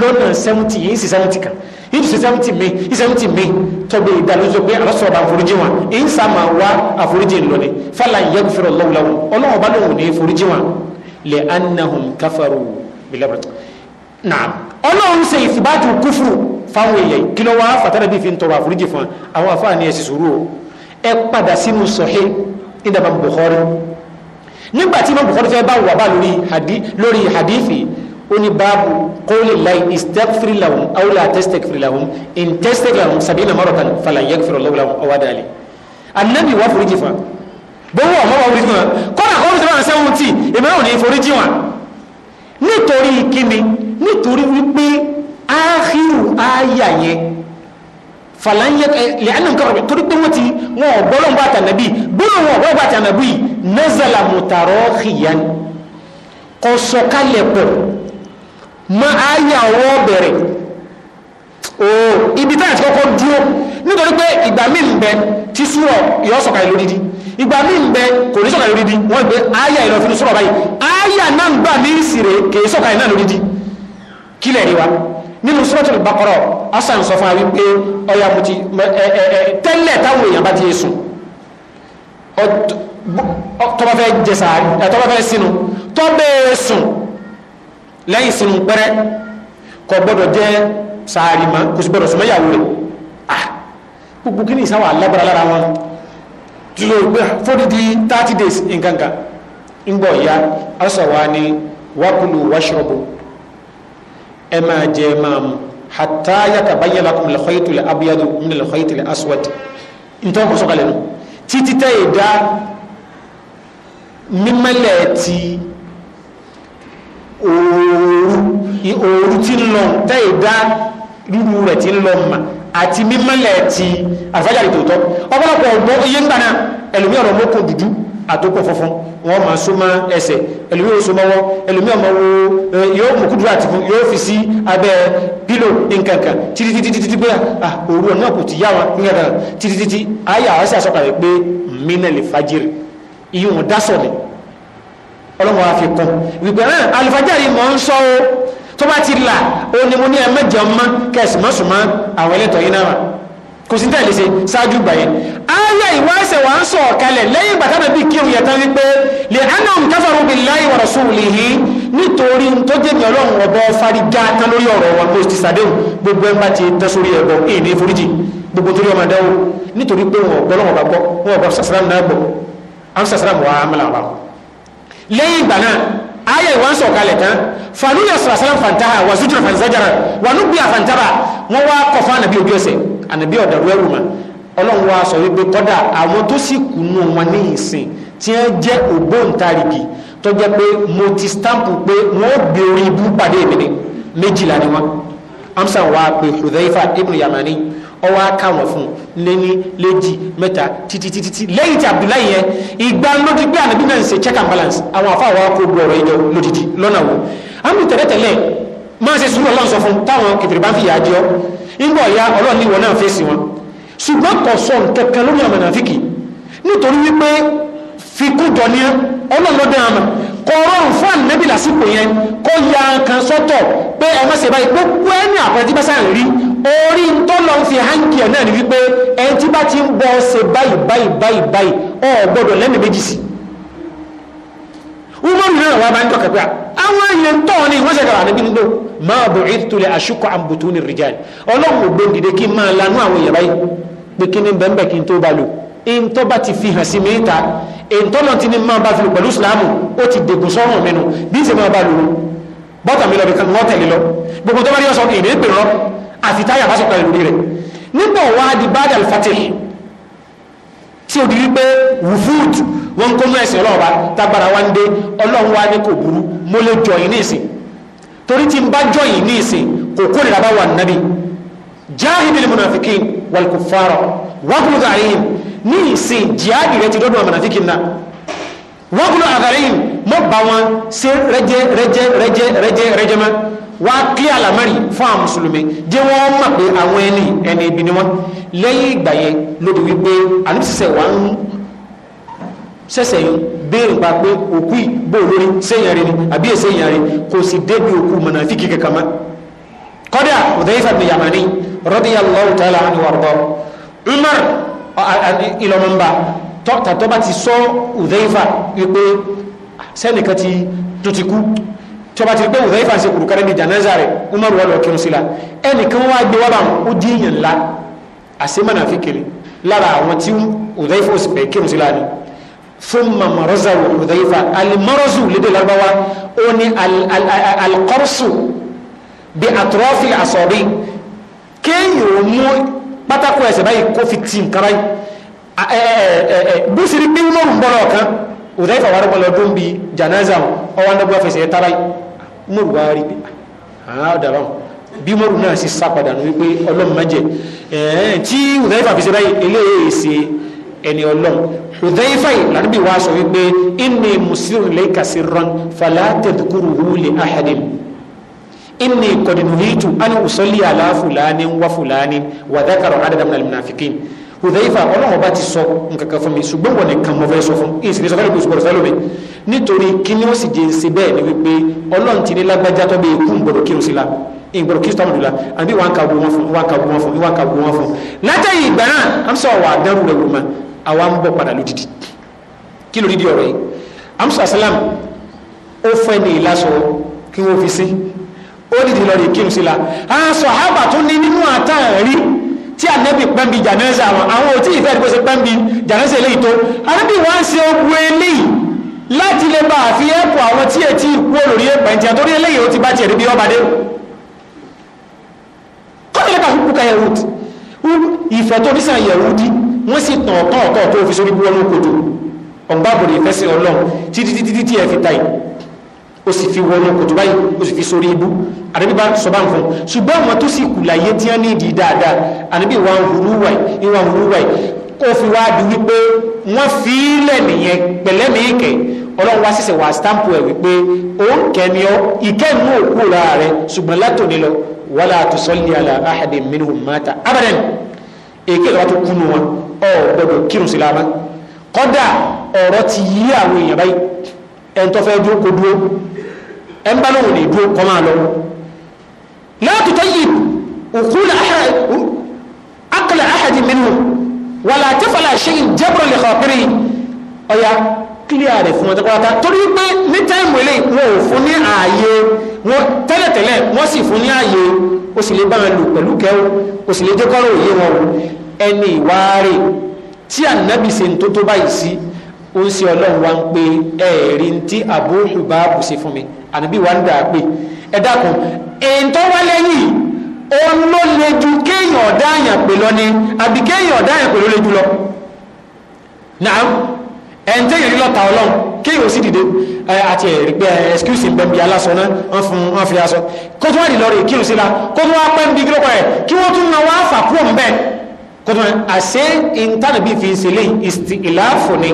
lọ́nà sẹ́wọ́ntì yìí sì sẹ́wọ́ntì kan yìí sì sẹ́wọ́ntì mi yìí sẹ́wọ́ntì mi tọ́gbẹ́ ìdálóso pé àlọ́sọ̀rọ̀ bá foríjì wọn èyí sàmà wá àforíjì ńlọ ni fàlàyé yagfirullahu lahum ọlọ́run ọba lòun ò lè anahun káfàrò bilabrat náà ọlọ́run ṣe ìfìbájú kúfùrù fáwọn èèyàn kí ló wá fàtàrà bí fi ń tọrọ àforíjì fún àwọn afáà ní ẹ̀sì sùúrù o ẹ padà sínú sọ̀hí ìdàbà Bukhari nígbà tí Imam Bukhari fẹ́ bá wà bá lórí hadithi ó ní báàbù kólé láì istagfiri lahum awla testagfiri lahum in testagfiri lahum sabina maratan falan yagfiri lahum ọwádàálẹ̀ annabi wà foríjì fún gbówó ọ̀mọ́wà orí fún wọn kọ́nà kọ́ orí sọ́nà sẹ́wọ́n tí èmi náà ní forí jí wọn nítorí kíni nítorí wípé áhírù ááyà yẹn fàlàyé lẹ́yìn nǹkan rẹ̀ torí pé wọ́n ti wọn ọ̀gbọ́lọ́n bá tànàbí gbọ́dọ̀ wọn ọ̀gbọ́lọ́n bá tànàbí nazala mutarakhiyan kò sọ̀kalẹ̀ pọ̀ mọ ááyà ọwọ́ bẹ̀rẹ̀ oo ibi táyà ti kọ́kọ́ dúró nítorí pé ìgbà mí ń bẹ tí súrọ̀ yọ sọ̀kalẹ̀ lódìdí ìgbà mí ń bẹ kò ní sọ̀kà lórí di wọ́n gbé áyà ìlọ́fin sọ̀rọ̀ báyìí áyà náà ń gbà ní ìsìrè kèé sọ̀kà iná lórí di kílẹ̀ rí wa nínú suratul Baqara asan sọ fún wa wípé ọya mo ti tẹ́lẹ̀ táwọn èèyàn bá ti yé sùn tọ́ba fẹ́ jẹsàárì tọ́ba fẹ́ sínú tọ́bẹ̀ sùn lẹ́yìn sínú pẹ́rẹ́ kò gbọ́dọ̀ jẹ́ sàárì mọ́ kò sì gbọ́dọ̀ sùn mẹ́yàwó rẹ̀ ah! gbogbo kí ni ìsáwà alágbára lára wọn ló gbé fódìdí thirty days nǹkan kan ya asawani wakulu ni wákùlù wáṣọ̀bù ẹ máa jẹ ẹ máa mu hatta yatabayyana lakum al-khaytu al-abyadu min al-khayti al-aswad ntọ́ kọ́ sọ́kalẹ̀ nù títí tẹ́ ìdá mímẹ́lẹ̀ ti ooru ooru ti ń lọ tẹ́ ìdá rírú rẹ̀ ti lọ mà àti mímọ́lẹ̀ ti àfájáde tòótọ́ ọ̀pọ̀lọpọ̀ ọgbọ́n iye ń gbaná ẹlòmí ọ̀rọ̀ mọ́kò dúdú àtòkò funfun wọn máa so mọ́ ẹsẹ̀ ẹlòmí ò so mọ́wọ́ ẹlòmí ọmọ wo yóò mú kúdúrà àti fún yóò fi sí abẹ́ pílò nkankan títítítítí pé ah òru ọ̀nà kò ti yá wọn nkankan títítítí ayé àwọn sì àsọkàlẹ̀ pé mínàlè fajiri iye wọn dásọ̀ ni ọlọ́wọ́n á fi kún wípé alifajari mọ̀ ń sọ o tó bá ti là ó ní mo ní ẹmẹjẹ ọmọ kẹsì má sùn mọ àwọn ẹlẹtọọ yín náà kò sí tẹ̀lé ṣe ṣáájú gbà yẹn ayé ìwá ẹsẹ̀ wà ń sọ̀ kalẹ̀ lẹ́yìn ìgbà tábà bíi kírun yẹn tán wípé lè ana òun káfàrún billahi wa rasulihi nítorí tó jẹ́ ní ọlọ́run ọ̀bọ farigá tán lórí ọ̀rọ̀ wọn kó ti sàdéhùn gbogbo ẹ̀ ń bá ti tẹ́ sórí ẹ̀bọ èdè foríjì gbogbo torí ọmọdé wo nítorí pé wọn ọ̀gbọ́ lọ́wọ́ bá gbọ́ wọn ọ̀gbọ́ sàsàrà náà gbọ́ àwọn sàsàrà wà á mẹ́lá wọn. lẹ́yìn ìgbà náà aya ìwọ́n sọ̀kalẹ̀ tán fanúyà sàrásàrán fantaha wà zújúra fanzajara wà nú bíà fantaba wọ́n wá kọ̀ fún ànàbí ojú ẹsẹ̀ ànàbí ọ̀dàrú ẹrù mà ọlọ́run wá sọ wípé kọ́dà àwọn tó sì kùnú wọn ní ìsìn tí wọ́n jẹ́ ògbóǹtarìgì tó jẹ́ pé mo ti stampu pé wọ́n gbé orí ibú pàdé mi ni méjìlá ni wọ́n amsa wa pe Hudhaifa ibn Yamani ọwọ́ akáwọn fún lẹ́ni léjì mẹ́ta títí títí tí lẹ́yìn tí abdullahi yẹn ìgbà ló gbé ànábì náà ṣe check and balance àwọn àfa àwọn akó bu ọ̀rọ̀ ìjọ lódìdí lọ́nà wo àmì tẹ́lẹ̀tẹ́lẹ̀ máa ṣe sùúrù ọlọ́run sọ fún táwọn kẹfìrì bá fi yà á jẹ́ ọ́ ńgbọ̀ ya ọlọ́run ní ìwọ náà fèsì wọn ṣùgbọ́n kò sọ nǹkan kan lórí àmàlà fìkì nítorí wípé fikújọ ní ọlọ́lọ́dẹ àmà kọ̀ọ̀rọ̀rùn fún ànábì lásìkò yẹn kọ́ ya kan sọ́tọ̀ pé ẹ má ṣe báyìí pé kú ẹni àpẹẹtí bá sáà rí orí tó lọ fi hánkì ẹ̀ náà ni wípé ẹni tí bá ti ń bọ́ ṣe báyìí báyìí báyìí báyìí ọ̀ gbọ́dọ̀ lẹ́mì méjì sí umaru náà wà bá ń tọ́ka pé àwọn èèyàn tọ́ ni wọ́n ṣe kàrà níbi nílò máa bọ̀ ìtulẹ̀ àṣùkọ àǹbùtù ní rìjáì ọlọ́run ò gbòǹdìdè kí máa lanú àwọn èèyàn báyìí pé kí ni bẹ́ẹ̀ kí n tó bá lò in tó bá ti fi hàn sí mi ta in tó lọ ti ní máa bá fi pẹ̀lú ìsìlámù ó ti dègùn sọ́rùn mi nù bí ìṣe máa bá lò bọ́tà mi lọ bí kan wọ́n tẹ̀lé lọ gbogbo tó bá rí ọ̀sán ìdè pè rán àti táyà bá sọ̀kalẹ̀ lórí rẹ̀ nígbà wá di bad al-fatih tí ó di wípé wufud wọn kó mẹ́sìn ọlọ́ọ̀bá tágbára wá ń dé ọlọ́run wá ní kò burú mo lè jọyìn ní ìsìn torí tí n bá jọyìn ní ìsìn kò kó lè rábà wà nábì jahidil munafikin wal kuffara waqlud alayhim ní ìsìn jihadi rẹ ti dọ́dọ̀ munafikin náà waqlud alayhim mọ́ bá wọn ṣe rẹ́jẹ́ rẹ́jẹ́ rẹ́jẹ́ rẹ́jẹ́ rẹ́jẹ́ mọ́ wá kí àlàmọ́rì fún àwọn mùsùlùmí jẹ́ wọ́n mọ̀ pé àwọn ẹni ẹni ibi ni wọ́n lẹ́yìn ìgbà yẹn ló di wípé àlùsẹ̀sẹ̀ wà ń sẹ̀sẹ̀ yìí béèrè pa pé òkú ìgbò lórí sẹ́yìn rẹ̀ ni àbí èsẹ́yìn rẹ̀ kò sì débi òkú mọ̀nàfíkì kankan mọ́ kọ́dà Hudhayfa bin Yamani radiyallahu ta'ala anhu warḍa Umar ìlọ́mọba tọ́ba ti sọ Hudhayfa wípé sẹ́nìkan ti tó ti kú tọba ti rí pé wùdẹ́ ìfàṣẹ kùrùkárẹ́ ní jànáza rẹ̀ umaru wà lọ kírun sí la ẹnìkan wá gbé wá bá wọn ó dín yàn la àṣemọ́nà fi kiri lára àwọn tí wùdẹ́ ìfọ̀ sì bẹ̀ kírun sí la ni fún mamarọ́zà wùdẹ́ ìfà alimọ́rọ́zù lédè lárúbáwá ó ní alikọ́rọ́sù bí àtúrọ́fì àsọ̀rí kéèyàn ò mú pátákó ẹsẹ̀ báyìí kó fi tì nǹkan báyìí bùsùn ní bí umaru ń bọ́ lọ́ọ̀kan wùdẹ́ ìfà wà lọ́dún bíi jànáza wọn ọwọ́ mọ̀rù wá rí àádàbà ah, ah, bí mọ̀rù náà sì sá padà nù wípé ọlọ́run má jẹ tí Hudhaifa fi ṣe báyìí eléyìí ṣe ẹni ọlọ́run Hudhaifa yìí lànàbí wa sọ wípé inni musiru ilayka sirran fala tadhkuruhu li ahadin inni qad nuhitu an usalli ala fulanin wa fulanin wa dhakara Hudhaifa ọlọ́run ọba ti sọ nkankan fún mi ṣùgbọ́n wọn nìkan mo fẹ́ sọ fún ìsìn ìsọfẹ́ lóko ìsọfẹ́ lóko nítorí kí ni ó sì jẹ́ ṣe bẹ́ẹ̀ ni wípé ọlọ́run ti ní lágbájá tó bẹ́ẹ̀ kú ngbọ̀dọ̀ kírun sí la ngbọ̀dọ̀ kírun sọ́mọdù la àbí wọn kà bu wọn fún wọn kà bu wọn fún wọn kà bu wọn fún. látẹ̀yìn ìgbà náà amsa wà dárú rẹ̀ wùmá àwa ń bọ̀ padà lódìdí kí lódìdí ọ̀rọ̀ yìí amsa salam ó fẹ́ ní ìlàsọ kí wọ́n fi sí ó dìdí lọ́ọ́ tí ànábì pẹ́m̀bì jànáṣà wọn àwọn òtí ìfẹ́ àdìpọ̀ sí pẹ́m̀bì jànáṣà eléyìí tó ànábì wọ́n ń ṣe ogun eléyìí láti lè bá àfi ẹ̀pọ̀ àwọn tí ètí ìkú olórí ẹ̀pẹ̀ ìtìyà torí eléyìí ó ti bá tiẹ̀ níbi ọbàdé kọ́nìlẹ́kà fún kúkà yẹ̀wùdì ìfẹ́ tó ní sàn yẹ̀wùdì wọ́n sì tàn kọ́ọ̀kọ́ tó fi sórí búwọ́n lókodo ọ̀gbábòrò ìfẹ́ sí ọlọ́run títí títí tí ẹ fi ta yìí ó sì fi wọ́n lókodo báyìí ó sì fi sórí ibú àdébí bá sọ bá ń fún ṣùgbọ́n àwọn tó sì kù láyé tí wọ́n ní ìdí dáadáa àdébí ìwà òwúrúwà ìwà òwúrúwà ó fi wá di wípé wọ́n fi í lẹ̀ nìyẹn pẹ̀lẹ́mìíkẹ́ ọlọ́run wá ṣẹ̀ṣẹ̀ wà stamp ẹ̀ wípé ó ń kẹ́mi ọ́ ìkẹ́ mú òkú ra rẹ̀ ṣùgbọ́n látòní lọ wala tusalli ala ahadin minhum mata abadan èké lọ́wọ́ tó kúnnú wọn ọ̀ gbọ́dọ̀ kírun sí lára kọ́dà ọ̀rọ̀ ti yí àwọn èèyàn báyìí ẹ̀ ń tọ́fẹ́ dúró kó dúró ẹ̀ ń bá lóhùn ní dúró kọ́ máa lọ لا تطيب أقول أحد أقل أحد منه ولا تفعل شيء جبر لخاطره أيا clear rẹ̀ fún wọn tẹ́kọ́ta torí pé ní táìmù ilé wọn ò fún ní ààyè wọn tẹ́lẹ̀tẹ́lẹ̀ wọ́n sì fún ní ààyè ó sì lè bá wọn lò pẹ̀lú kẹ́wọ́ ó sì lè jẹ́ kọ́rọ̀ òye wọn o ẹni ìwáre tí ànábì ṣe ń tó tó báyìí sí ó wa ń pe ẹ̀ẹ́rì tí àbúrò bá bù sí mi ànábì wa ń dà ẹ̀dàkùn èyí tó wá lẹ́yìn òun ló le ju kéèyàn ọ̀dá pè lọ ni àbí kéèyàn ọ̀dá àyàn pè ló le jù lọ náà ẹ̀ń tẹ́yìn rí lọ́ta ọlọ́run kéèyàn ó sì dìde àti ẹ̀rí pé ẹ̀skúsì ń bẹ̀m̀bì aláṣọ náà wọ́n fún wọn fi aṣọ kó tó wá dì lọ rè kírun síra kó tó wá pẹ́ ń bí gírọ́pọ̀ rẹ̀ kí wọ́n tún náà wá fà kúrò ń bẹ́ẹ̀ tọ́tọ́ àṣẹ ìntànàbí fi ṣẹlẹ̀ ìsìláàfù ni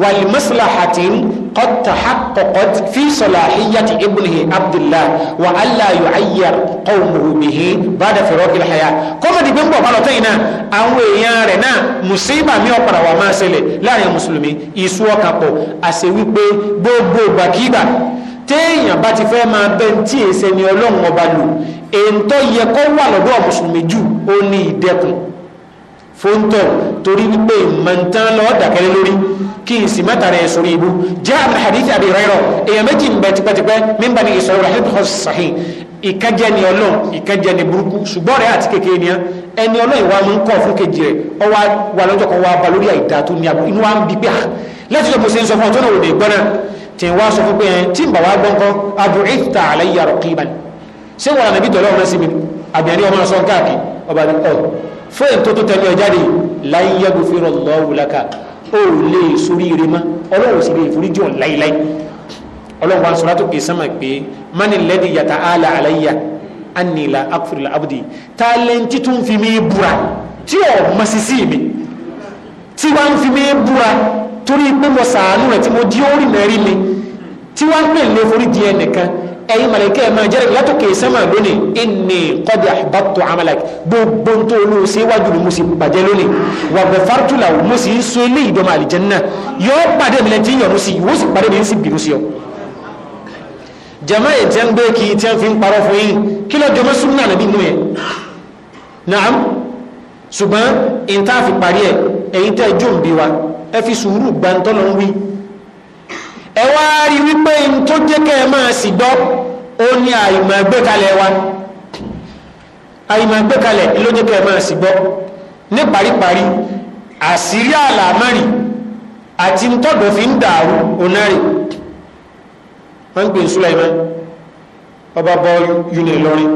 wàlìmọ́sílàhàtì kọ́tàhàkọ́kọ́t fi sọ̀làhíyàtì ibùnìhì abdullah wà aláyọ̀ ayé kọ́ọ̀mùhùmìhì bàdà fẹ̀rọ̀ ìlàhàyà kọ́mọ̀dì pé ń bọ̀ bálọ̀ tẹ́yìn náà àwọn èèyàn rẹ̀ náà mùsíbà mi ọ̀pàrà wà máa ṣẹlẹ̀ láàrin mùsùlùmí ìṣú ọkàn pọ̀ àṣẹ wípé gbogbo gbàkígbà téèyàn bá ti fẹ́ máa bẹ́ tí èsẹ̀ ni ọlọ́run ọba lò èntọ́ yẹ kó wà lọ́dọ̀ mùsùlùmí jù ó ní ìdẹkùn fóńtọ̀ torí wípé mọ̀ntán lọ dàkẹ́lẹ́ lórí kí n sì mẹ́ta rẹ̀ sórí ibú jẹ́ àbíhàdíṣì àbí rẹ́rọ̀ èèyàn méjì ń bẹ tipẹ́tipẹ́ mímbà ní ìsọ̀rọ̀ rahim hossahin ìkẹ́jẹ́ ni ọlọ́run ìkẹ́jẹ́ ni burúkú ṣùgbọ́n rẹ̀ àti kékeré ni ẹni ọlọ́run ìwà mú kọ́ fún kejì rẹ̀ ọwọ́ wà lọ́jọ́ kan wà bá lórí àìdá tó ní inú wa ń bí pé láti sọ pòṣe ń sọ fún ọjọ́ àbíyàní ọmọ sọ káàkiri ọba ní ọ fún ètò tó tẹnu ẹ jáde láyé yẹgùfẹ́rọ̀ lọ́wọ́ laka ó lè sórí ire mọ́ ọlọ́run sì lè foríjì ọ̀ láíláí ọlọ́run wa sọ̀rọ̀ àtòkè sánmà pé mani lẹ́dí yàtà àlà àlàyé anìlà akfurula abudi tálẹ́ntì tún fi mí búra tí ọ̀ mọ̀sísí mi tí wọ́n fi mí búra torí pé mo sàánú rẹ̀ tí mo di orí mẹ́rin ni tí wọ́n pè lé foríjì ẹnìkan ẹ̀yin mọ̀lẹ́kẹ́ ẹ̀ máa jẹ́rẹ̀ látòkè sẹ́mà lónìí inni qad ahbattu amalak gbogbo tó ló ṣe wájú ni mo sì bàjẹ́ lónìí wà bẹ̀ fárútùlà mo sì ń so ilé ìdọ́mọ àlìjẹ́nà yóò pàdé mi lẹ́tí yọ̀ mo sì wó sì pàdé mi ń sì bínú sí ọ. jama ètí ń gbé kí tí ń fi ń parọ́ kí lọ́jọ́ mọ́ ń fi ń wí ẹ rí wípé tó jẹ́ ẹ máa sì ní àìmọ̀ ẹgbẹ́ wa àìmọ̀ ló ẹ máa sì gbọ́ ní paríparí àṣírí àlàmọ́rì àti ntọ́dọ̀ fi ń dàrú onárì wọ́n ń pè ìmọ̀ ọba bọ́ yúnẹ̀ lọ́rin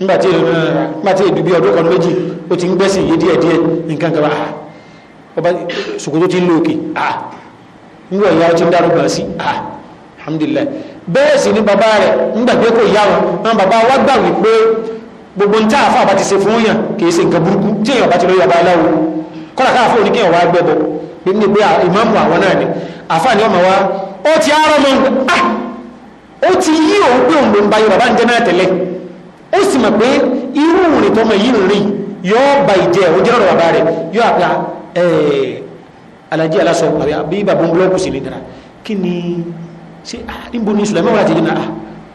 nígbàtí èdè bí ọdún kan méjì ó ti ń gbẹ́sìn yé díẹ̀díẹ̀ ti ń òkè ah! nígbà ìyá ọtí dárúgbà sí ah, alhamdulillah bẹ́ẹ̀ sì ni bàbá rẹ̀ ńgbàgbé kò yá wọn wọn bàbá wa gbà wípé gbogbo ń tá àfa àbá ti ṣe fún yàn kìí ṣe nǹkan burúkú tí èèyàn bá ti lọ yọba aláwo kọ́lá káàfó ní kéèyàn wá gbẹ́bọ bí ní pé ìmáàmù àwọn náà ni àfa ni ọmọ wa ó ti arọ mọ ah ó ti yí òun pé òun ló ń ba yorùbá ń jẹ náà tẹ́lẹ̀ ó sì mọ̀ pé irú ìrìn tọmọ yìí ń rìn yóò ba ìjẹ òun jẹ́ lọ́dọ̀ bàbá rẹ̀ yóò àgbà ẹ̀ẹ́ ah, eh, alaji ala àbí àbí babu bulọọku sì lè dara kí ni ṣe ah níbo ah, ni sùlámù wà tẹ̀lé náà ah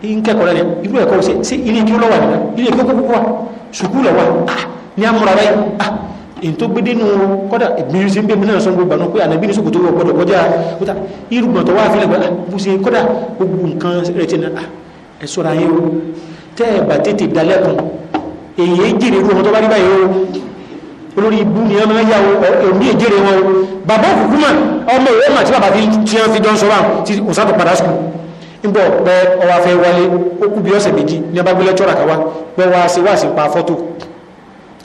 n kẹ́kọ̀ọ́ lẹ́nu irú ẹ̀kọ́ ṣe ṣe ilé kí lọ́wọ́ àbí ilé kí kókó wa sùkúù lọ́wọ́ ah ní amúra báyìí ah ètò gbédé nu kọ́dà ìgbìyànjú sí ń bẹ́ẹ̀ mi náà sọ́n gbogbo àná pé ànábì ní sòkòtò wọ gbọdọ̀ kọjá kóta irúgbọ̀n tó wà fílẹ̀ gbọ́dọ̀ bó ṣe kọ́dà gbogbo nǹkan rẹ̀ ti náà ẹ̀ sọ́ra yẹn o tẹ́ ẹ̀ bá tètè dalẹ́kùn èyí jèrè irú ọmọ tó bá rí o olórí ibú ni ọmọ yàwó ẹ̀mí ìjẹ́rẹ̀ wọn bàbá òkùnkùn mà ọmọ ìwé mà tí bàbá fi tí wọ́n fi jọ ń sọ báwọn tí òsàtò padà sùn nígbà pé ọwà fẹ́ wálé ó kú bí ọ̀sẹ̀ méjì ní abágbélé ọjọ́ ràkàwá pé wá sí wá pa fọ́tò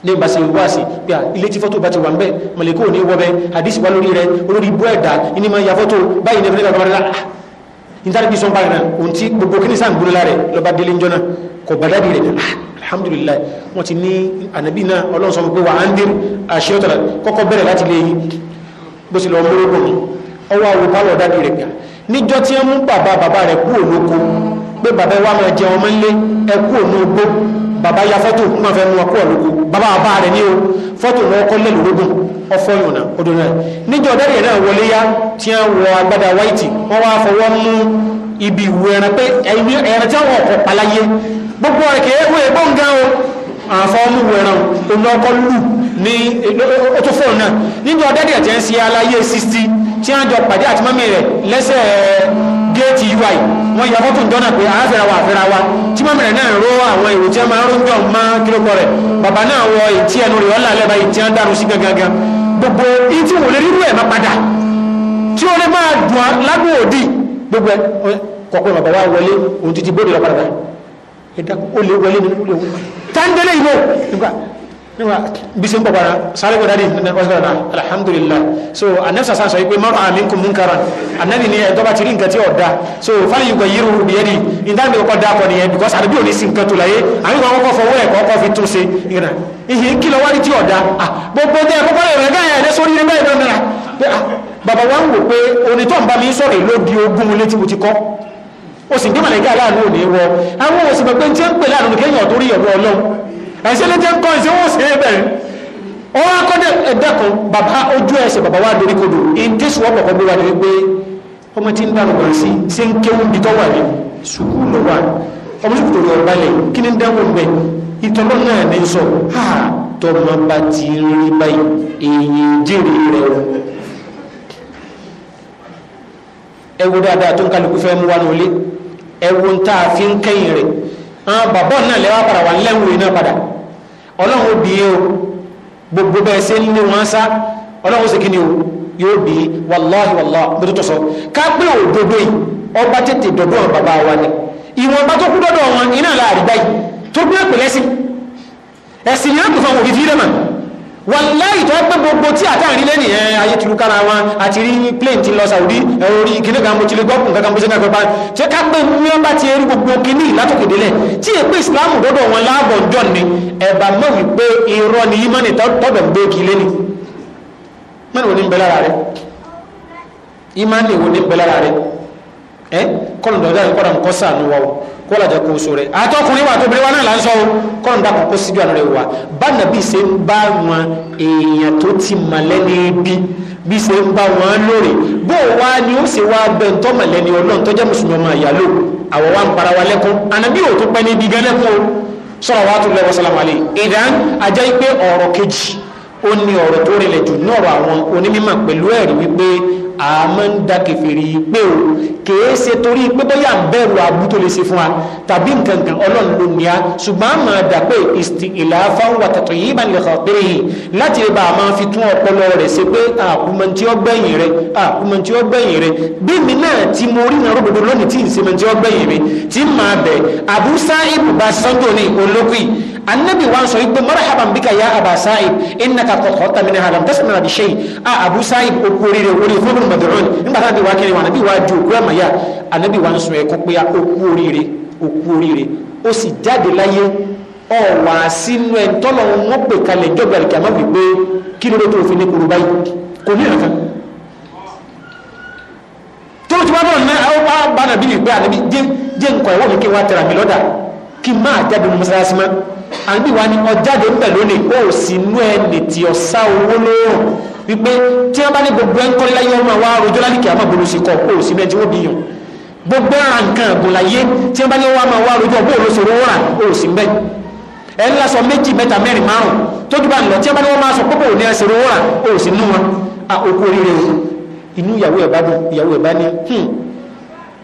ní ìbáṣe wá sí pé ilé tí fọ́tò bá ti wà ń bẹ̀ mọ̀lẹ́kọ́ ní wọ́bẹ̀ àdìsí wá lórí rẹ olórí ibú ẹ̀dá ní máa ya fọ́tò báyìí nẹ́fẹ́ nígbà kọ́mọ́dé nítorí bí sọ́n báyìí náà ohun tí gbogbo kí sáà ń gbóná rẹ̀ lọ́ba délé ń jọ́nà kò bàdá alhamdulillah wọ́n ti ní ànábì náà ọlọ́run sọ gbogbo wa á ń dé àṣẹ ọ̀tàrà kọ́kọ́ bẹ̀rẹ̀ láti lè yí bó ti lọ mọ́rọ́gbọ̀n ọwọ́ àwọn pálọ̀ dájú rẹ̀ gbà níjọ́ tí wọ́n mú bàbá bàbá rẹ̀ kú òlóko pé bàbá wa máa jẹ ọmọ ńlé ẹ kú òun ogbó bàbá ya fọ́tò kú fẹ́ mú ọkú ọ̀lóko bàbá bàbá rẹ̀ ní o fọ́tò lọ́wọ́ kọ́ lẹ́lòrógùn ọfọ́ yòòna odò náà níjọ́ dárí ẹ̀ náà wọlé yá tí wọ́n wọ agbádá wáìtì wọ́n wá fọwọ́ mú ibi ìwò ẹran pé ẹran tí wọ́n ọ̀pọ̀ paláyé gbogbo rẹ̀ kìí wé ga o àfọ́mù wẹ̀ràn olóòkọ́ lù ní ọtún fóònù náà nínú ọ̀dẹ́dẹ̀ tẹ́ ń ṣe aláyé 60 tí wọ́n jọ pàdé àti mọ́mí rẹ̀ lẹ́sẹ̀ géètì ui wọ́n yọ fọ́tò ńdọ́nà pé àáfẹ́ra wa àfẹ́ra tí mọ́mí rẹ̀ náà ró àwọn èrò tí máa ń rẹ̀ bàbá náà wọ ẹnu rẹ̀ lẹ́ba wọn dàrú sí gangan gbogbo ìtì wò lè rírú ẹ̀ má padà tí ó lè máa dùn gbogbo ẹ̀ ẹ̀dá ó lè wọlé nínú ilé wọn tàǹdẹ́lẹ̀ ìbò nígbà nígbà bí sí ń pọ̀ padà sáré gbọ́dá dì ní ọjọ́ náà alhamdulillah so anẹ́sà sáà sọ pé mọ́rọ̀ àmì kùn múnkara anẹ́bì ni ẹ̀tọ́ eh, bá ti rí nǹkan tí ọ̀dá so fáyì yìí kọ yìí rú bí ẹni ìdáǹdì ọkọ̀ dá kọ nìyẹn because àdébí ò ní sí nǹkan tó láyé àmì kan kọ́kọ́ fọwọ́ ẹ̀kọ́ kọ́ fi tún ṣe ìrìnà ìhì ń kìlọ̀ wárí tí ọ̀dá gbogbo tẹ́ ẹ̀kọ́kọ́ rẹ̀ gáyà ẹ̀dẹ́ sórí ilé báyìí náà bàbá wa ń wò pé onítọ̀ ń bá mi sọ̀rọ̀ ló di ogún létí mo ti kọ́ o sì bí màlẹ́kà láàánú òní wọ àwọn òsì mọ̀ pé tí ń pè láàánú kéèyàn tó rí ọ̀dọ̀ ọlọ́run ẹ̀ṣẹ́ ló jẹ́ ń kọ́ ìṣẹ́ wọ́n sì rí bẹ̀rẹ̀ ó wá kọ́ ẹ̀dẹ́kun bàbá ojú ẹsẹ̀ bàbá wa dorí kodò in tí sùwọ́ pọ̀pọ̀ bí wa ní wípé ọmọ tí ń dàrú bọ̀ sí ṣé ń kéwú bí tọ́wà ní sùkú lọ ọmọ sùkú torí ọba lẹ̀ kí ni ń dẹ́wọ̀n bẹ̀ ìtọ́lọ́ náà ní sọ ha tọmọ bá ti rí báyìí èyí jèrè rẹ o ẹ wo dáadáa tó ń kálukú fẹ́ mú wa nulẹ̀ ẹ̀wọ̀n tá a fi ń kẹ́yìn rẹ̀ àwọn bàbá náà lẹ́wà padà wà lẹ́wọ̀n iná padà ọlọ́run ó bì o gbogbo bẹ́ẹ̀ ṣe ń lé sá ọlọ́run sì kí ni o yóò bì í wàláhi wàláhi mo tó tọ̀ ká pé òdodo yìí ọba tètè dọ̀dọ̀ àwọn bàbá wa ni ìwọ̀n bá tó kú dọ̀dọ̀ wọn iná láàrí báyìí tó gbé pẹ̀lẹ́sìn ẹ̀sìn ni wọ́n fọwọ́ òfìfì rẹ̀ mọ́ wàláyì tó pé gbogbo tí àtàrí lẹ́nì ẹ̀ ayé turu kára wọn àti rí plane ti lọ Saudi orí kíní kan mo ti lè gbọ́kùn kankan mo ṣe kankan báyìí ṣé ká pé ní wọn bá ti rí gbogbo kíní látòkè délẹ̀ tí èpè Islam dọ́dọ̀ wọn láàbọ̀ ń ni ẹ̀bà mọ̀ wípé irọ́ ni yímọ́ ni tọ́dọ̀ ń gbé kí lẹ́nì mẹ́rin wo ni ń bẹ lára rẹ̀ yímọ́ ni wo ni ń bẹ lára rẹ̀ ẹ́ kọ́ wọ́n jẹ́ kó sóre àtọkùnrin wa tóbi wọn náà là ń sọ kọ́ ń dàpọ̀ kó síjú àná rẹ̀ wá bá nàbí ṣe ń bá wọn èèyàn tó ti mọ̀lẹ́ni bí bí ṣe ń bá wọn lóore bó wa ni ó ṣe wá bẹ́ntọ́ mọ̀lẹ́ni ọlọ́run tó jẹ́ mùsùlùmí ọmọ ìyàló àwọn wa ń para wa lẹ́kún ànàbí ò tó pẹ́ ní ibi gan lẹ́kún o sọ̀rọ̀ wa tó lẹ́wọ́ sálàmàlì ìdán ajá yìí pé ọ̀rọ̀ kejì ó ní ọ̀rọ̀ tó rìnlẹ̀ jù náà àwọn onímọ̀ pẹ̀lú ẹ̀rí wípé àmọ́ ń da kẹfìrí pé o kèé ṣe torí pé bóyá ń bẹ̀rù abú tó lè ṣe fún wa tàbí nkankan ọlọ́run ló ní a ṣùgbọ́n a máa dà pé ìlàáfà wà tàtọ̀ yìí máa ń lè kàn péré yìí láti lè bá a máa fi tún ọpọlọ rẹ̀ ṣe pé àkùmọ̀ntì ọgbẹ̀yìn rẹ̀ àkùmọ̀ntì ọgbẹ̀yìn rẹ̀ bí mi náà ti mo rí náà rògbòdò lónìí tí ì annabi wa sọ wípé marhaban bika ya aba sa'id innaka qad khatta min hadam tasma bi shay a abu sa'id o ko rire o ri fun mad'un in ba ta bi wa kini wa nabi wa ju ko ma ya annabi wa sọ e ko pe ya o ku rire o ku rire ó sì jáde láyé ó wá sínú en tolo wọ́n pè kalẹ̀ jobe al kiyama bi pe kini do to fi ni kuru bayi ko ni kan to ti ba na o ba nabi bi pe annabi je je nko e wo mi ke wa tera mi lọ́dà kí máa jáde ní mọ́sálásí mọ́ àbí wa ni ọjáde ń bẹ̀ lónìí ó sì nú ẹni tí ọ̀sá owó lóòrùn wípé tí wọ́n bá ní gbogbo ẹ̀ ń kọ́lé láyé ọmọ wa rojọ́ lálìkì àmọ́ bolo sí kọ́ ó sì mẹ́tí ó bí yàn gbogbo ara nǹkan ẹ̀gùn láyé tí wọ́n bá ní wọ́n máa wá rojọ́ bó ló ṣe rówó rà ó sì mẹ́ ẹ̀ ń lásọ méjì mẹ́ta mẹ́rin márùn tó dúpọ̀ àná tí wọ́n bá ní wọ́n máa sọ pọ́pọ́ òní ẹ̀ṣẹ̀ rówó rà ó sì nú wọn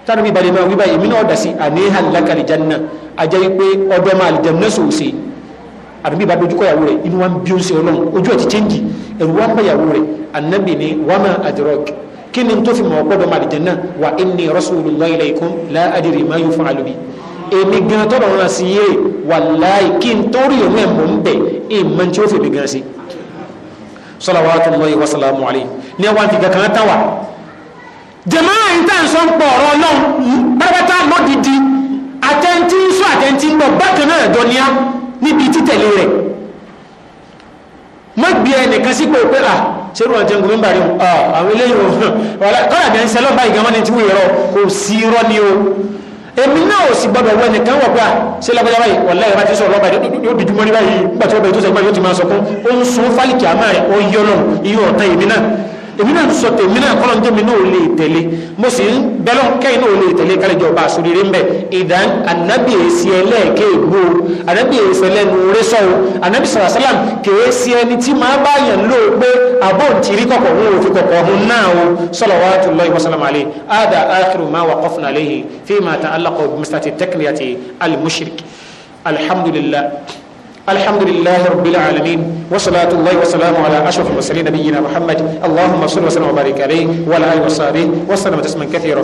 tánà bí balẹ̀ máa wí báyìí mí náà dà sí àníhàn lákàlì janna ajẹ́ wípé ọdọ́ máa lè jẹun lẹ́sọ̀ òsè àdúgbò ìbá dojú kọyàwó rẹ̀ inú wa ń bí ó ń ṣe ọlọ́run ojú ẹ̀ ti chẹ́ǹjì ẹ̀rù wa ń bẹ̀yàwó rẹ̀ ànábì ni wàmà àdìrọ́kì kí ni tó fi mọ̀ ọ̀pọ̀dọ̀ máa lè jẹun náà wà inni rasulullahi ilaykum la adri ma yuf'alu bi èmi gan tọ́lọ̀ rán sí yé wàláì kí n tó rí òun mọ̀ ń ìmọ̀ tí ó fi mi gan sí. salawatullahi wa salamu alayhi ní ẹ wá ń fi kankan táwa jẹ̀máà ń tàn sọ ń pọ̀ ọ̀rọ̀ ọlọ́run pátápátá lódìdí àtẹ̀ntì ń sọ àtẹ̀ntì ń bọ̀ bákan náà jọ níyà níbi títẹ̀lé rẹ̀ má gbé ẹnìkan sípò pé à ṣerú ọ̀jẹ̀ ń gbé bàrí o àwọn eléyìí o kọ́lá bí ẹ ń sẹ́lọ̀ báyìí gan-an ní tiwú ìrọ̀ kò sí irọ́ ni o èmi náà ò sì gbọdọ̀ wọ ẹnìkan wọ̀ pé à ṣé lágbájá báyìí wọ̀lá ìrọ̀ ti sọ̀rọ̀ báyìí yóò dìjú mọ́ ní báyìí gbàtí ọbẹ̀ tó sẹ́gbà yóò ti máa sọ fún ó ń sun fálìkì àmà rẹ̀ ó yọ lọ́rùn iye ọ̀tá èmi náà èmi náà sọ tèmi náà kọ́lọ̀ jẹ́mi náà ò lè tẹ̀lé mo sì ń bẹ́lọ̀ kẹ́yìn náà ò lè tẹ̀lé kálẹ̀ jọba àṣòrire ń bẹ̀ ìdá ànábì èsì ẹlẹ́ẹ̀kẹ́ ègbó o ànábì èsì ẹlẹ́nu orí sọ o ànábì sọ̀rọ̀ sálàm kèé sí ẹni tí máa bá yàn ló pé àbò ti rí kọ̀kọ̀ òun ò fi kọ̀kọ̀ òun náà o salawatullahi wa salamu alayhi ada akhiru الحمد لله رب العالمين وصلاة الله وسلامه على أشرف المرسلين نبينا محمد اللهم صل وسلم وبارك عليه وعلى آله وصحبه وسلم تسليما كثيرا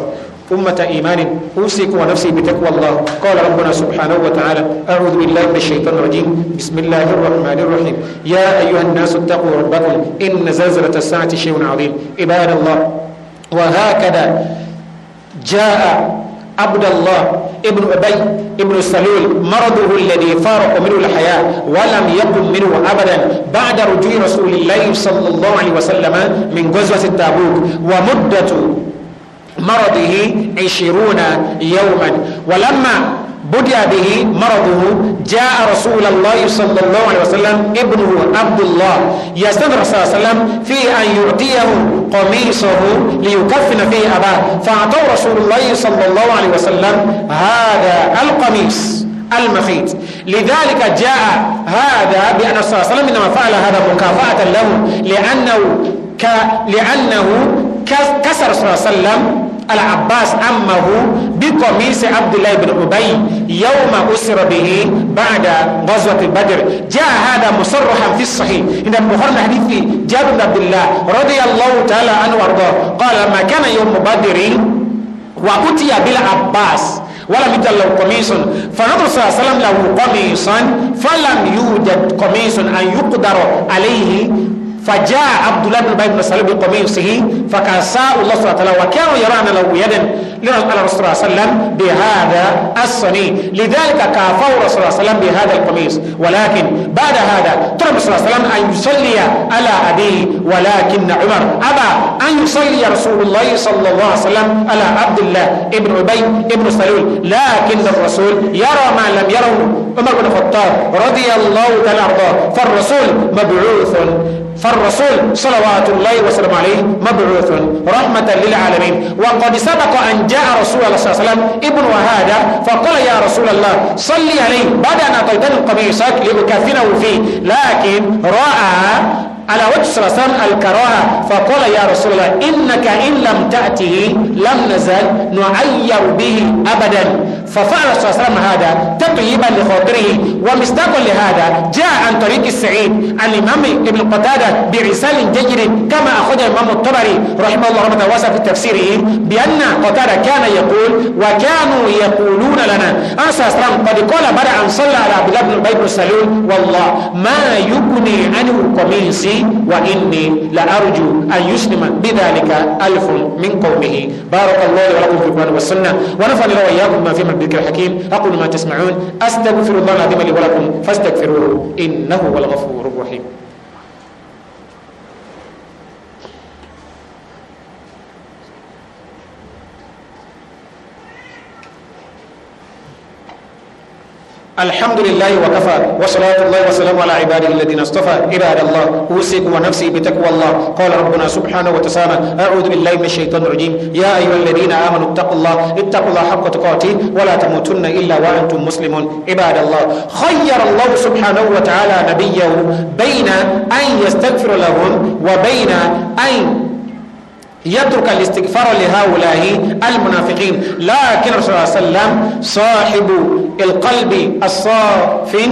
أمة إيمان أوصيك ونفسي بتقوى الله قال ربنا سبحانه وتعالى أعوذ بالله من الشيطان الرجيم بسم الله الرحمن الرحيم يا أيها الناس اتقوا ربكم إن زلزلة الساعة شيء عظيم عباد الله وهكذا جاء عبد الله ابن أبي ابن سلول مرضه الذي فارق منه الحياة ولم يقم منه أبدا بعد رجوع رسول الله صلى الله عليه وسلم من غزوة التابوك ومدة مرضه عشرون يوما ولما بدي به مرضه جاء رسول الله صلى الله عليه وسلم ابنه عبد الله يستمر صلى الله عليه وسلم في أن يعطيه قميصه ليكفن فيه أباه فأعطوا رسول الله صلى الله عليه وسلم هذا القميص المخيط لذلك جاء هذا بأن صلى الله عليه وسلم إنما فعل هذا مكافأة له لأنه, ك... لأنه كسر صلى الله عليه وسلم العباس أمه بقميص عبد الله بن أبي يوم أسر به بعد غزوة بدر جاء هذا مصرحا في الصحيح إن البخاري الحديث جابر عبد الله رضي الله تعالى عنه وارضاه قال ما كان يوم بدر وأتي بالعباس ولم يوجد له قميص فنظر صلى الله عليه وسلم له قميصا فلم يوجد قميص أن يقدر عليه فجاء عبد الله بن بن مسعود بقميصه فكاسا الله سبحانه وتعالى وكانوا يرانا له يدا لرسول الله صلى الله عليه وسلم بهذا الصني لذلك كافوا رسول الله صلى الله عليه وسلم بهذا القميص ولكن بعد هذا طلب صلى الله عليه وسلم ان يصلي على ابيه ولكن عمر ابى ان يصلي رسول الله صلى الله عليه وسلم على عبد الله ابن ابي ابن سلول لكن الرسول يرى ما لم يره عمر بن الخطاب رضي الله تعالى عنه فالرسول مبعوث الرسول صلوات الله وسلم عليه مبعوث رحمة للعالمين وقد سبق أن جاء رسول الله صلى الله عليه وسلم ابن وهذا فقال يا رسول الله صلي عليه بعد أن أعطيتني قميصك لأكفنه فيه لكن رأى على وجه صلى الله عليه وسلم الكراهة فقال يا رسول الله إنك إن لم تأته لم نزل نعير به أبدا ففعل صلى الله عليه وسلم هذا تطيبا لخاطره ومصداقا لهذا جاء عن طريق السعيد الامام ابن قتاده برسال جيد كما اخذ الامام الطبري رحمه الله رحمه واسعه في تفسيره بان قتاده كان يقول وكانوا يقولون لنا ان صلى الله عليه وسلم قد قال بعد ان صلى على عبد الله بن سلول والله ما يغني عنه قميصي واني لارجو ان يسلم بذلك الف من قومه بارك الله لي ولكم في القران والسنه ونفعني الله واياكم ما فيما ذكر حكيم أقول ما تسمعون أستغفر الله العظيم لي ولكم فاستغفروه إنه هو الغفور الرحيم الحمد لله وكفى وصلاة الله وسلام على عباده الذين اصطفى عباد الله أوصيكم ونفسي بتقوى الله قال ربنا سبحانه وتعالى أعوذ بالله من الشيطان الرجيم يا أيها الذين آمنوا اتقوا الله اتقوا الله حق تقاته ولا تموتن إلا وأنتم مسلمون عباد الله خير الله سبحانه وتعالى نبيه بين أن يستغفر لهم وبين أن يترك الاستغفار لهؤلاء المنافقين لكن الرسول صلى الله عليه وسلم صاحب القلب الصافي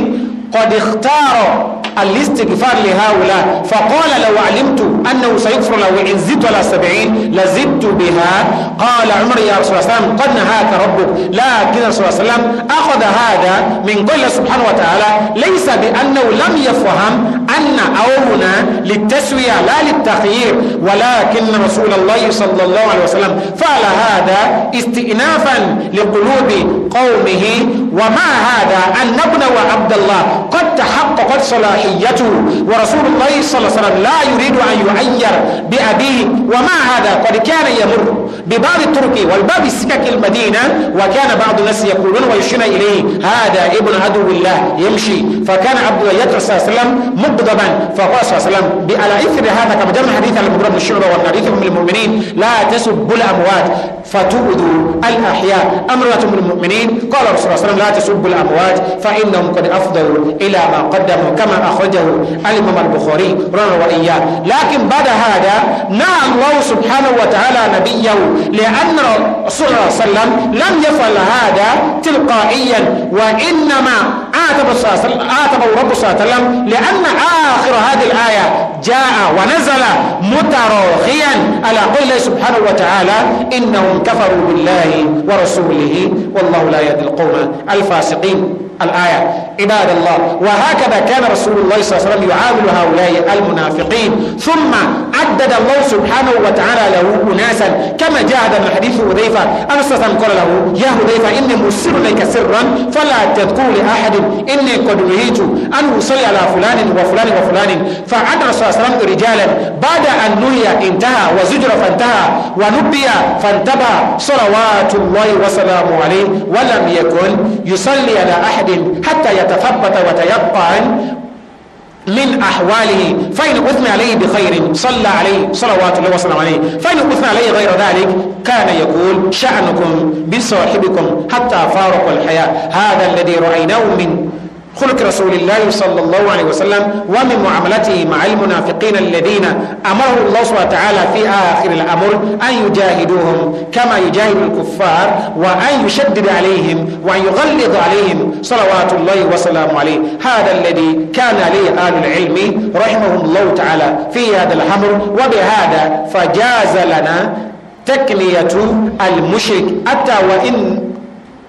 قد اختار الاستغفار لهؤلاء فقال لو علمت أنه سيغفر له إن زدت على سبعين لزدت بها قال عمر يا رسول الله وسلم قد نهاك ربك لكن رسول الله وسلم أخذ هذا من قول سبحانه وتعالى ليس بأنه لم يفهم أن أونا للتسوية لا للتخيير ولكن رسول الله صلى الله عليه وسلم فعل هذا استئنافا لقلوب قومه وما هذا أن ابن عبد الله قد تحققت صلاحيته ورسول الله صلى الله عليه وسلم لا يريد أن يعير بأبيه وما هذا قد كان يمر ببعض الطرق والباب السكك المدينة وكان بعض الناس يقولون ويشن إليه هذا ابن عدو الله يمشي فكان عبد الله صلى الله عليه وسلم مغضبا فقال صلى الله عليه وسلم على إثر هذا كما جاء حديث على المغرب الشعبة والحديث من المؤمنين لا تسبوا الأموات فتؤذوا الأحياء أمرة من المؤمنين قال رسول الله صلى الله عليه وسلم لا تسبوا الأموات فإنهم قد أفضلوا إلى ما قدمه كما أخرجه الإمام البخاري رحمه وإياه لكن بعد هذا نعى الله سبحانه وتعالى نبيه لأن رسول الله صلى الله عليه وسلم لم يفعل هذا تلقائيا وإنما عاتبه رب صلى الله عليه وسلم لأن آخر هذه الآية جاء ونزل متراخيا على قول الله سبحانه وتعالى إنهم كفروا بالله ورسوله والله لا يهدي القوم الفاسقين الآية عباد الله وهكذا كان رسول الله صلى الله عليه وسلم يعامل هؤلاء المنافقين ثم عدد الله سبحانه وتعالى له أناسا كما جاء هذا الحديث هذيفة أن صلى قال له يا هذيفة إني مرسل لك سرا فلا تذكر لأحد إني قد نهيت أن أصلي على فلان وفلان وفلان فعد رسول الله صلى الله عليه وسلم رجالا بعد أن نهي انتهى وزجر فانتهى ونبي فانتبه صلوات الله وسلامه عليه ولم يكن يصلي على أحد حتى يتثبت وتيقن من أحواله فإن أثنى عليه بخير صلى عليه صلوات الله وسلم عليه فإن أثنى عليه غير ذلك كان يقول شأنكم بصاحبكم حتى فارقوا الحياة هذا الذي رأيناه من خلق رسول الله صلى الله عليه وسلم ومن معاملته مع المنافقين الذين أمره الله سبحانه وتعالى في آخر الأمر أن يجاهدوهم كما يجاهد الكفار وأن يشدد عليهم وأن يغلظ عليهم صلوات الله وسلامه عليه هذا الذي كان عليه أهل العلم رحمهم الله تعالى في هذا الأمر وبهذا فجاز لنا تكلية المشرك حتى وإن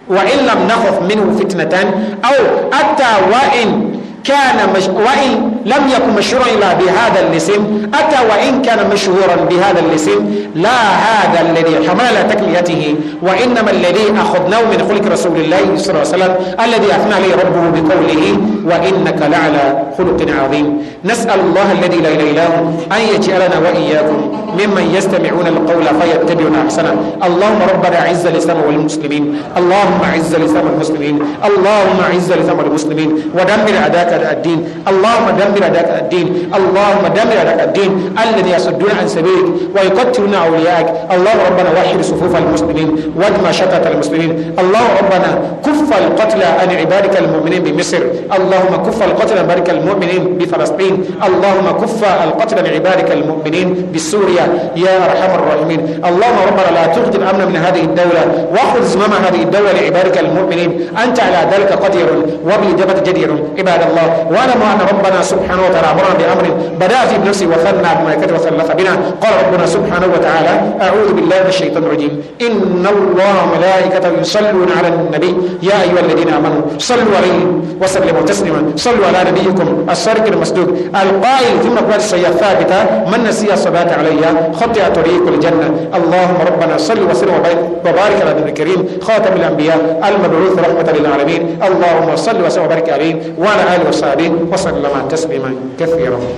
وإن لم نخف منه فتنة أو حتى وإن كان مش وإن لم يكن مشهورا إلا بهذا الاسم أتى وإن كان مشهورا بهذا الاسم لا هذا الذي حمل تكليته وإنما الذي أخذناه من خلق رسول الله صلى الله عليه وسلم الذي أثنى عليه ربه بقوله وإنك لعلى خلق عظيم نسأل الله الذي لا إله إلا هو أن يجعلنا وإياكم ممن يستمعون القول فيتبعون أحسنه اللهم ربنا عز الإسلام والمسلمين اللهم عز الإسلام والمسلمين اللهم عز الإسلام والمسلمين ودمر أداك الدين اللهم دمر دمر ذاك الدين اللهم دمر ذاك الدين الذي يصدون عن سبيلك ويقتلون أوليائك اللهم ربنا وحد صفوف المسلمين وادم شتات المسلمين اللهم ربنا كف القتل عن عبادك المؤمنين بمصر اللهم كف القتل عن عبادك المؤمنين بفلسطين اللهم كف القتل عن عبادك المؤمنين بسوريا يا أرحم الراحمين اللهم ربنا لا تخذ الأمن من هذه الدولة واخذ زمام هذه الدولة لعبادك المؤمنين أنت على ذلك قدير وبالإجابة جدير عباد الله وانا أن ربنا سبحانه سبحانه وتعالى أمرنا بأمر بدأ في بنفسه وثنى بملائكته وثلث بنا قال ربنا سبحانه وتعالى أعوذ بالله من الشيطان الرجيم إن الله ملائكة يصلون على النبي يا أيها الذين آمنوا صلوا عليه وسلموا تسليما صلوا على نبيكم الصادق المسدود القائل في قال السيئة ثابتة من نسي الصلاة علي خطئ طريق الجنة اللهم ربنا صل وسلم وبارك على النبي الكريم خاتم الأنبياء المبعوث رحمة للعالمين اللهم صل وسلم وبارك عليه وعلى آله وصحبه وسلم تسليما مظلما كثيرا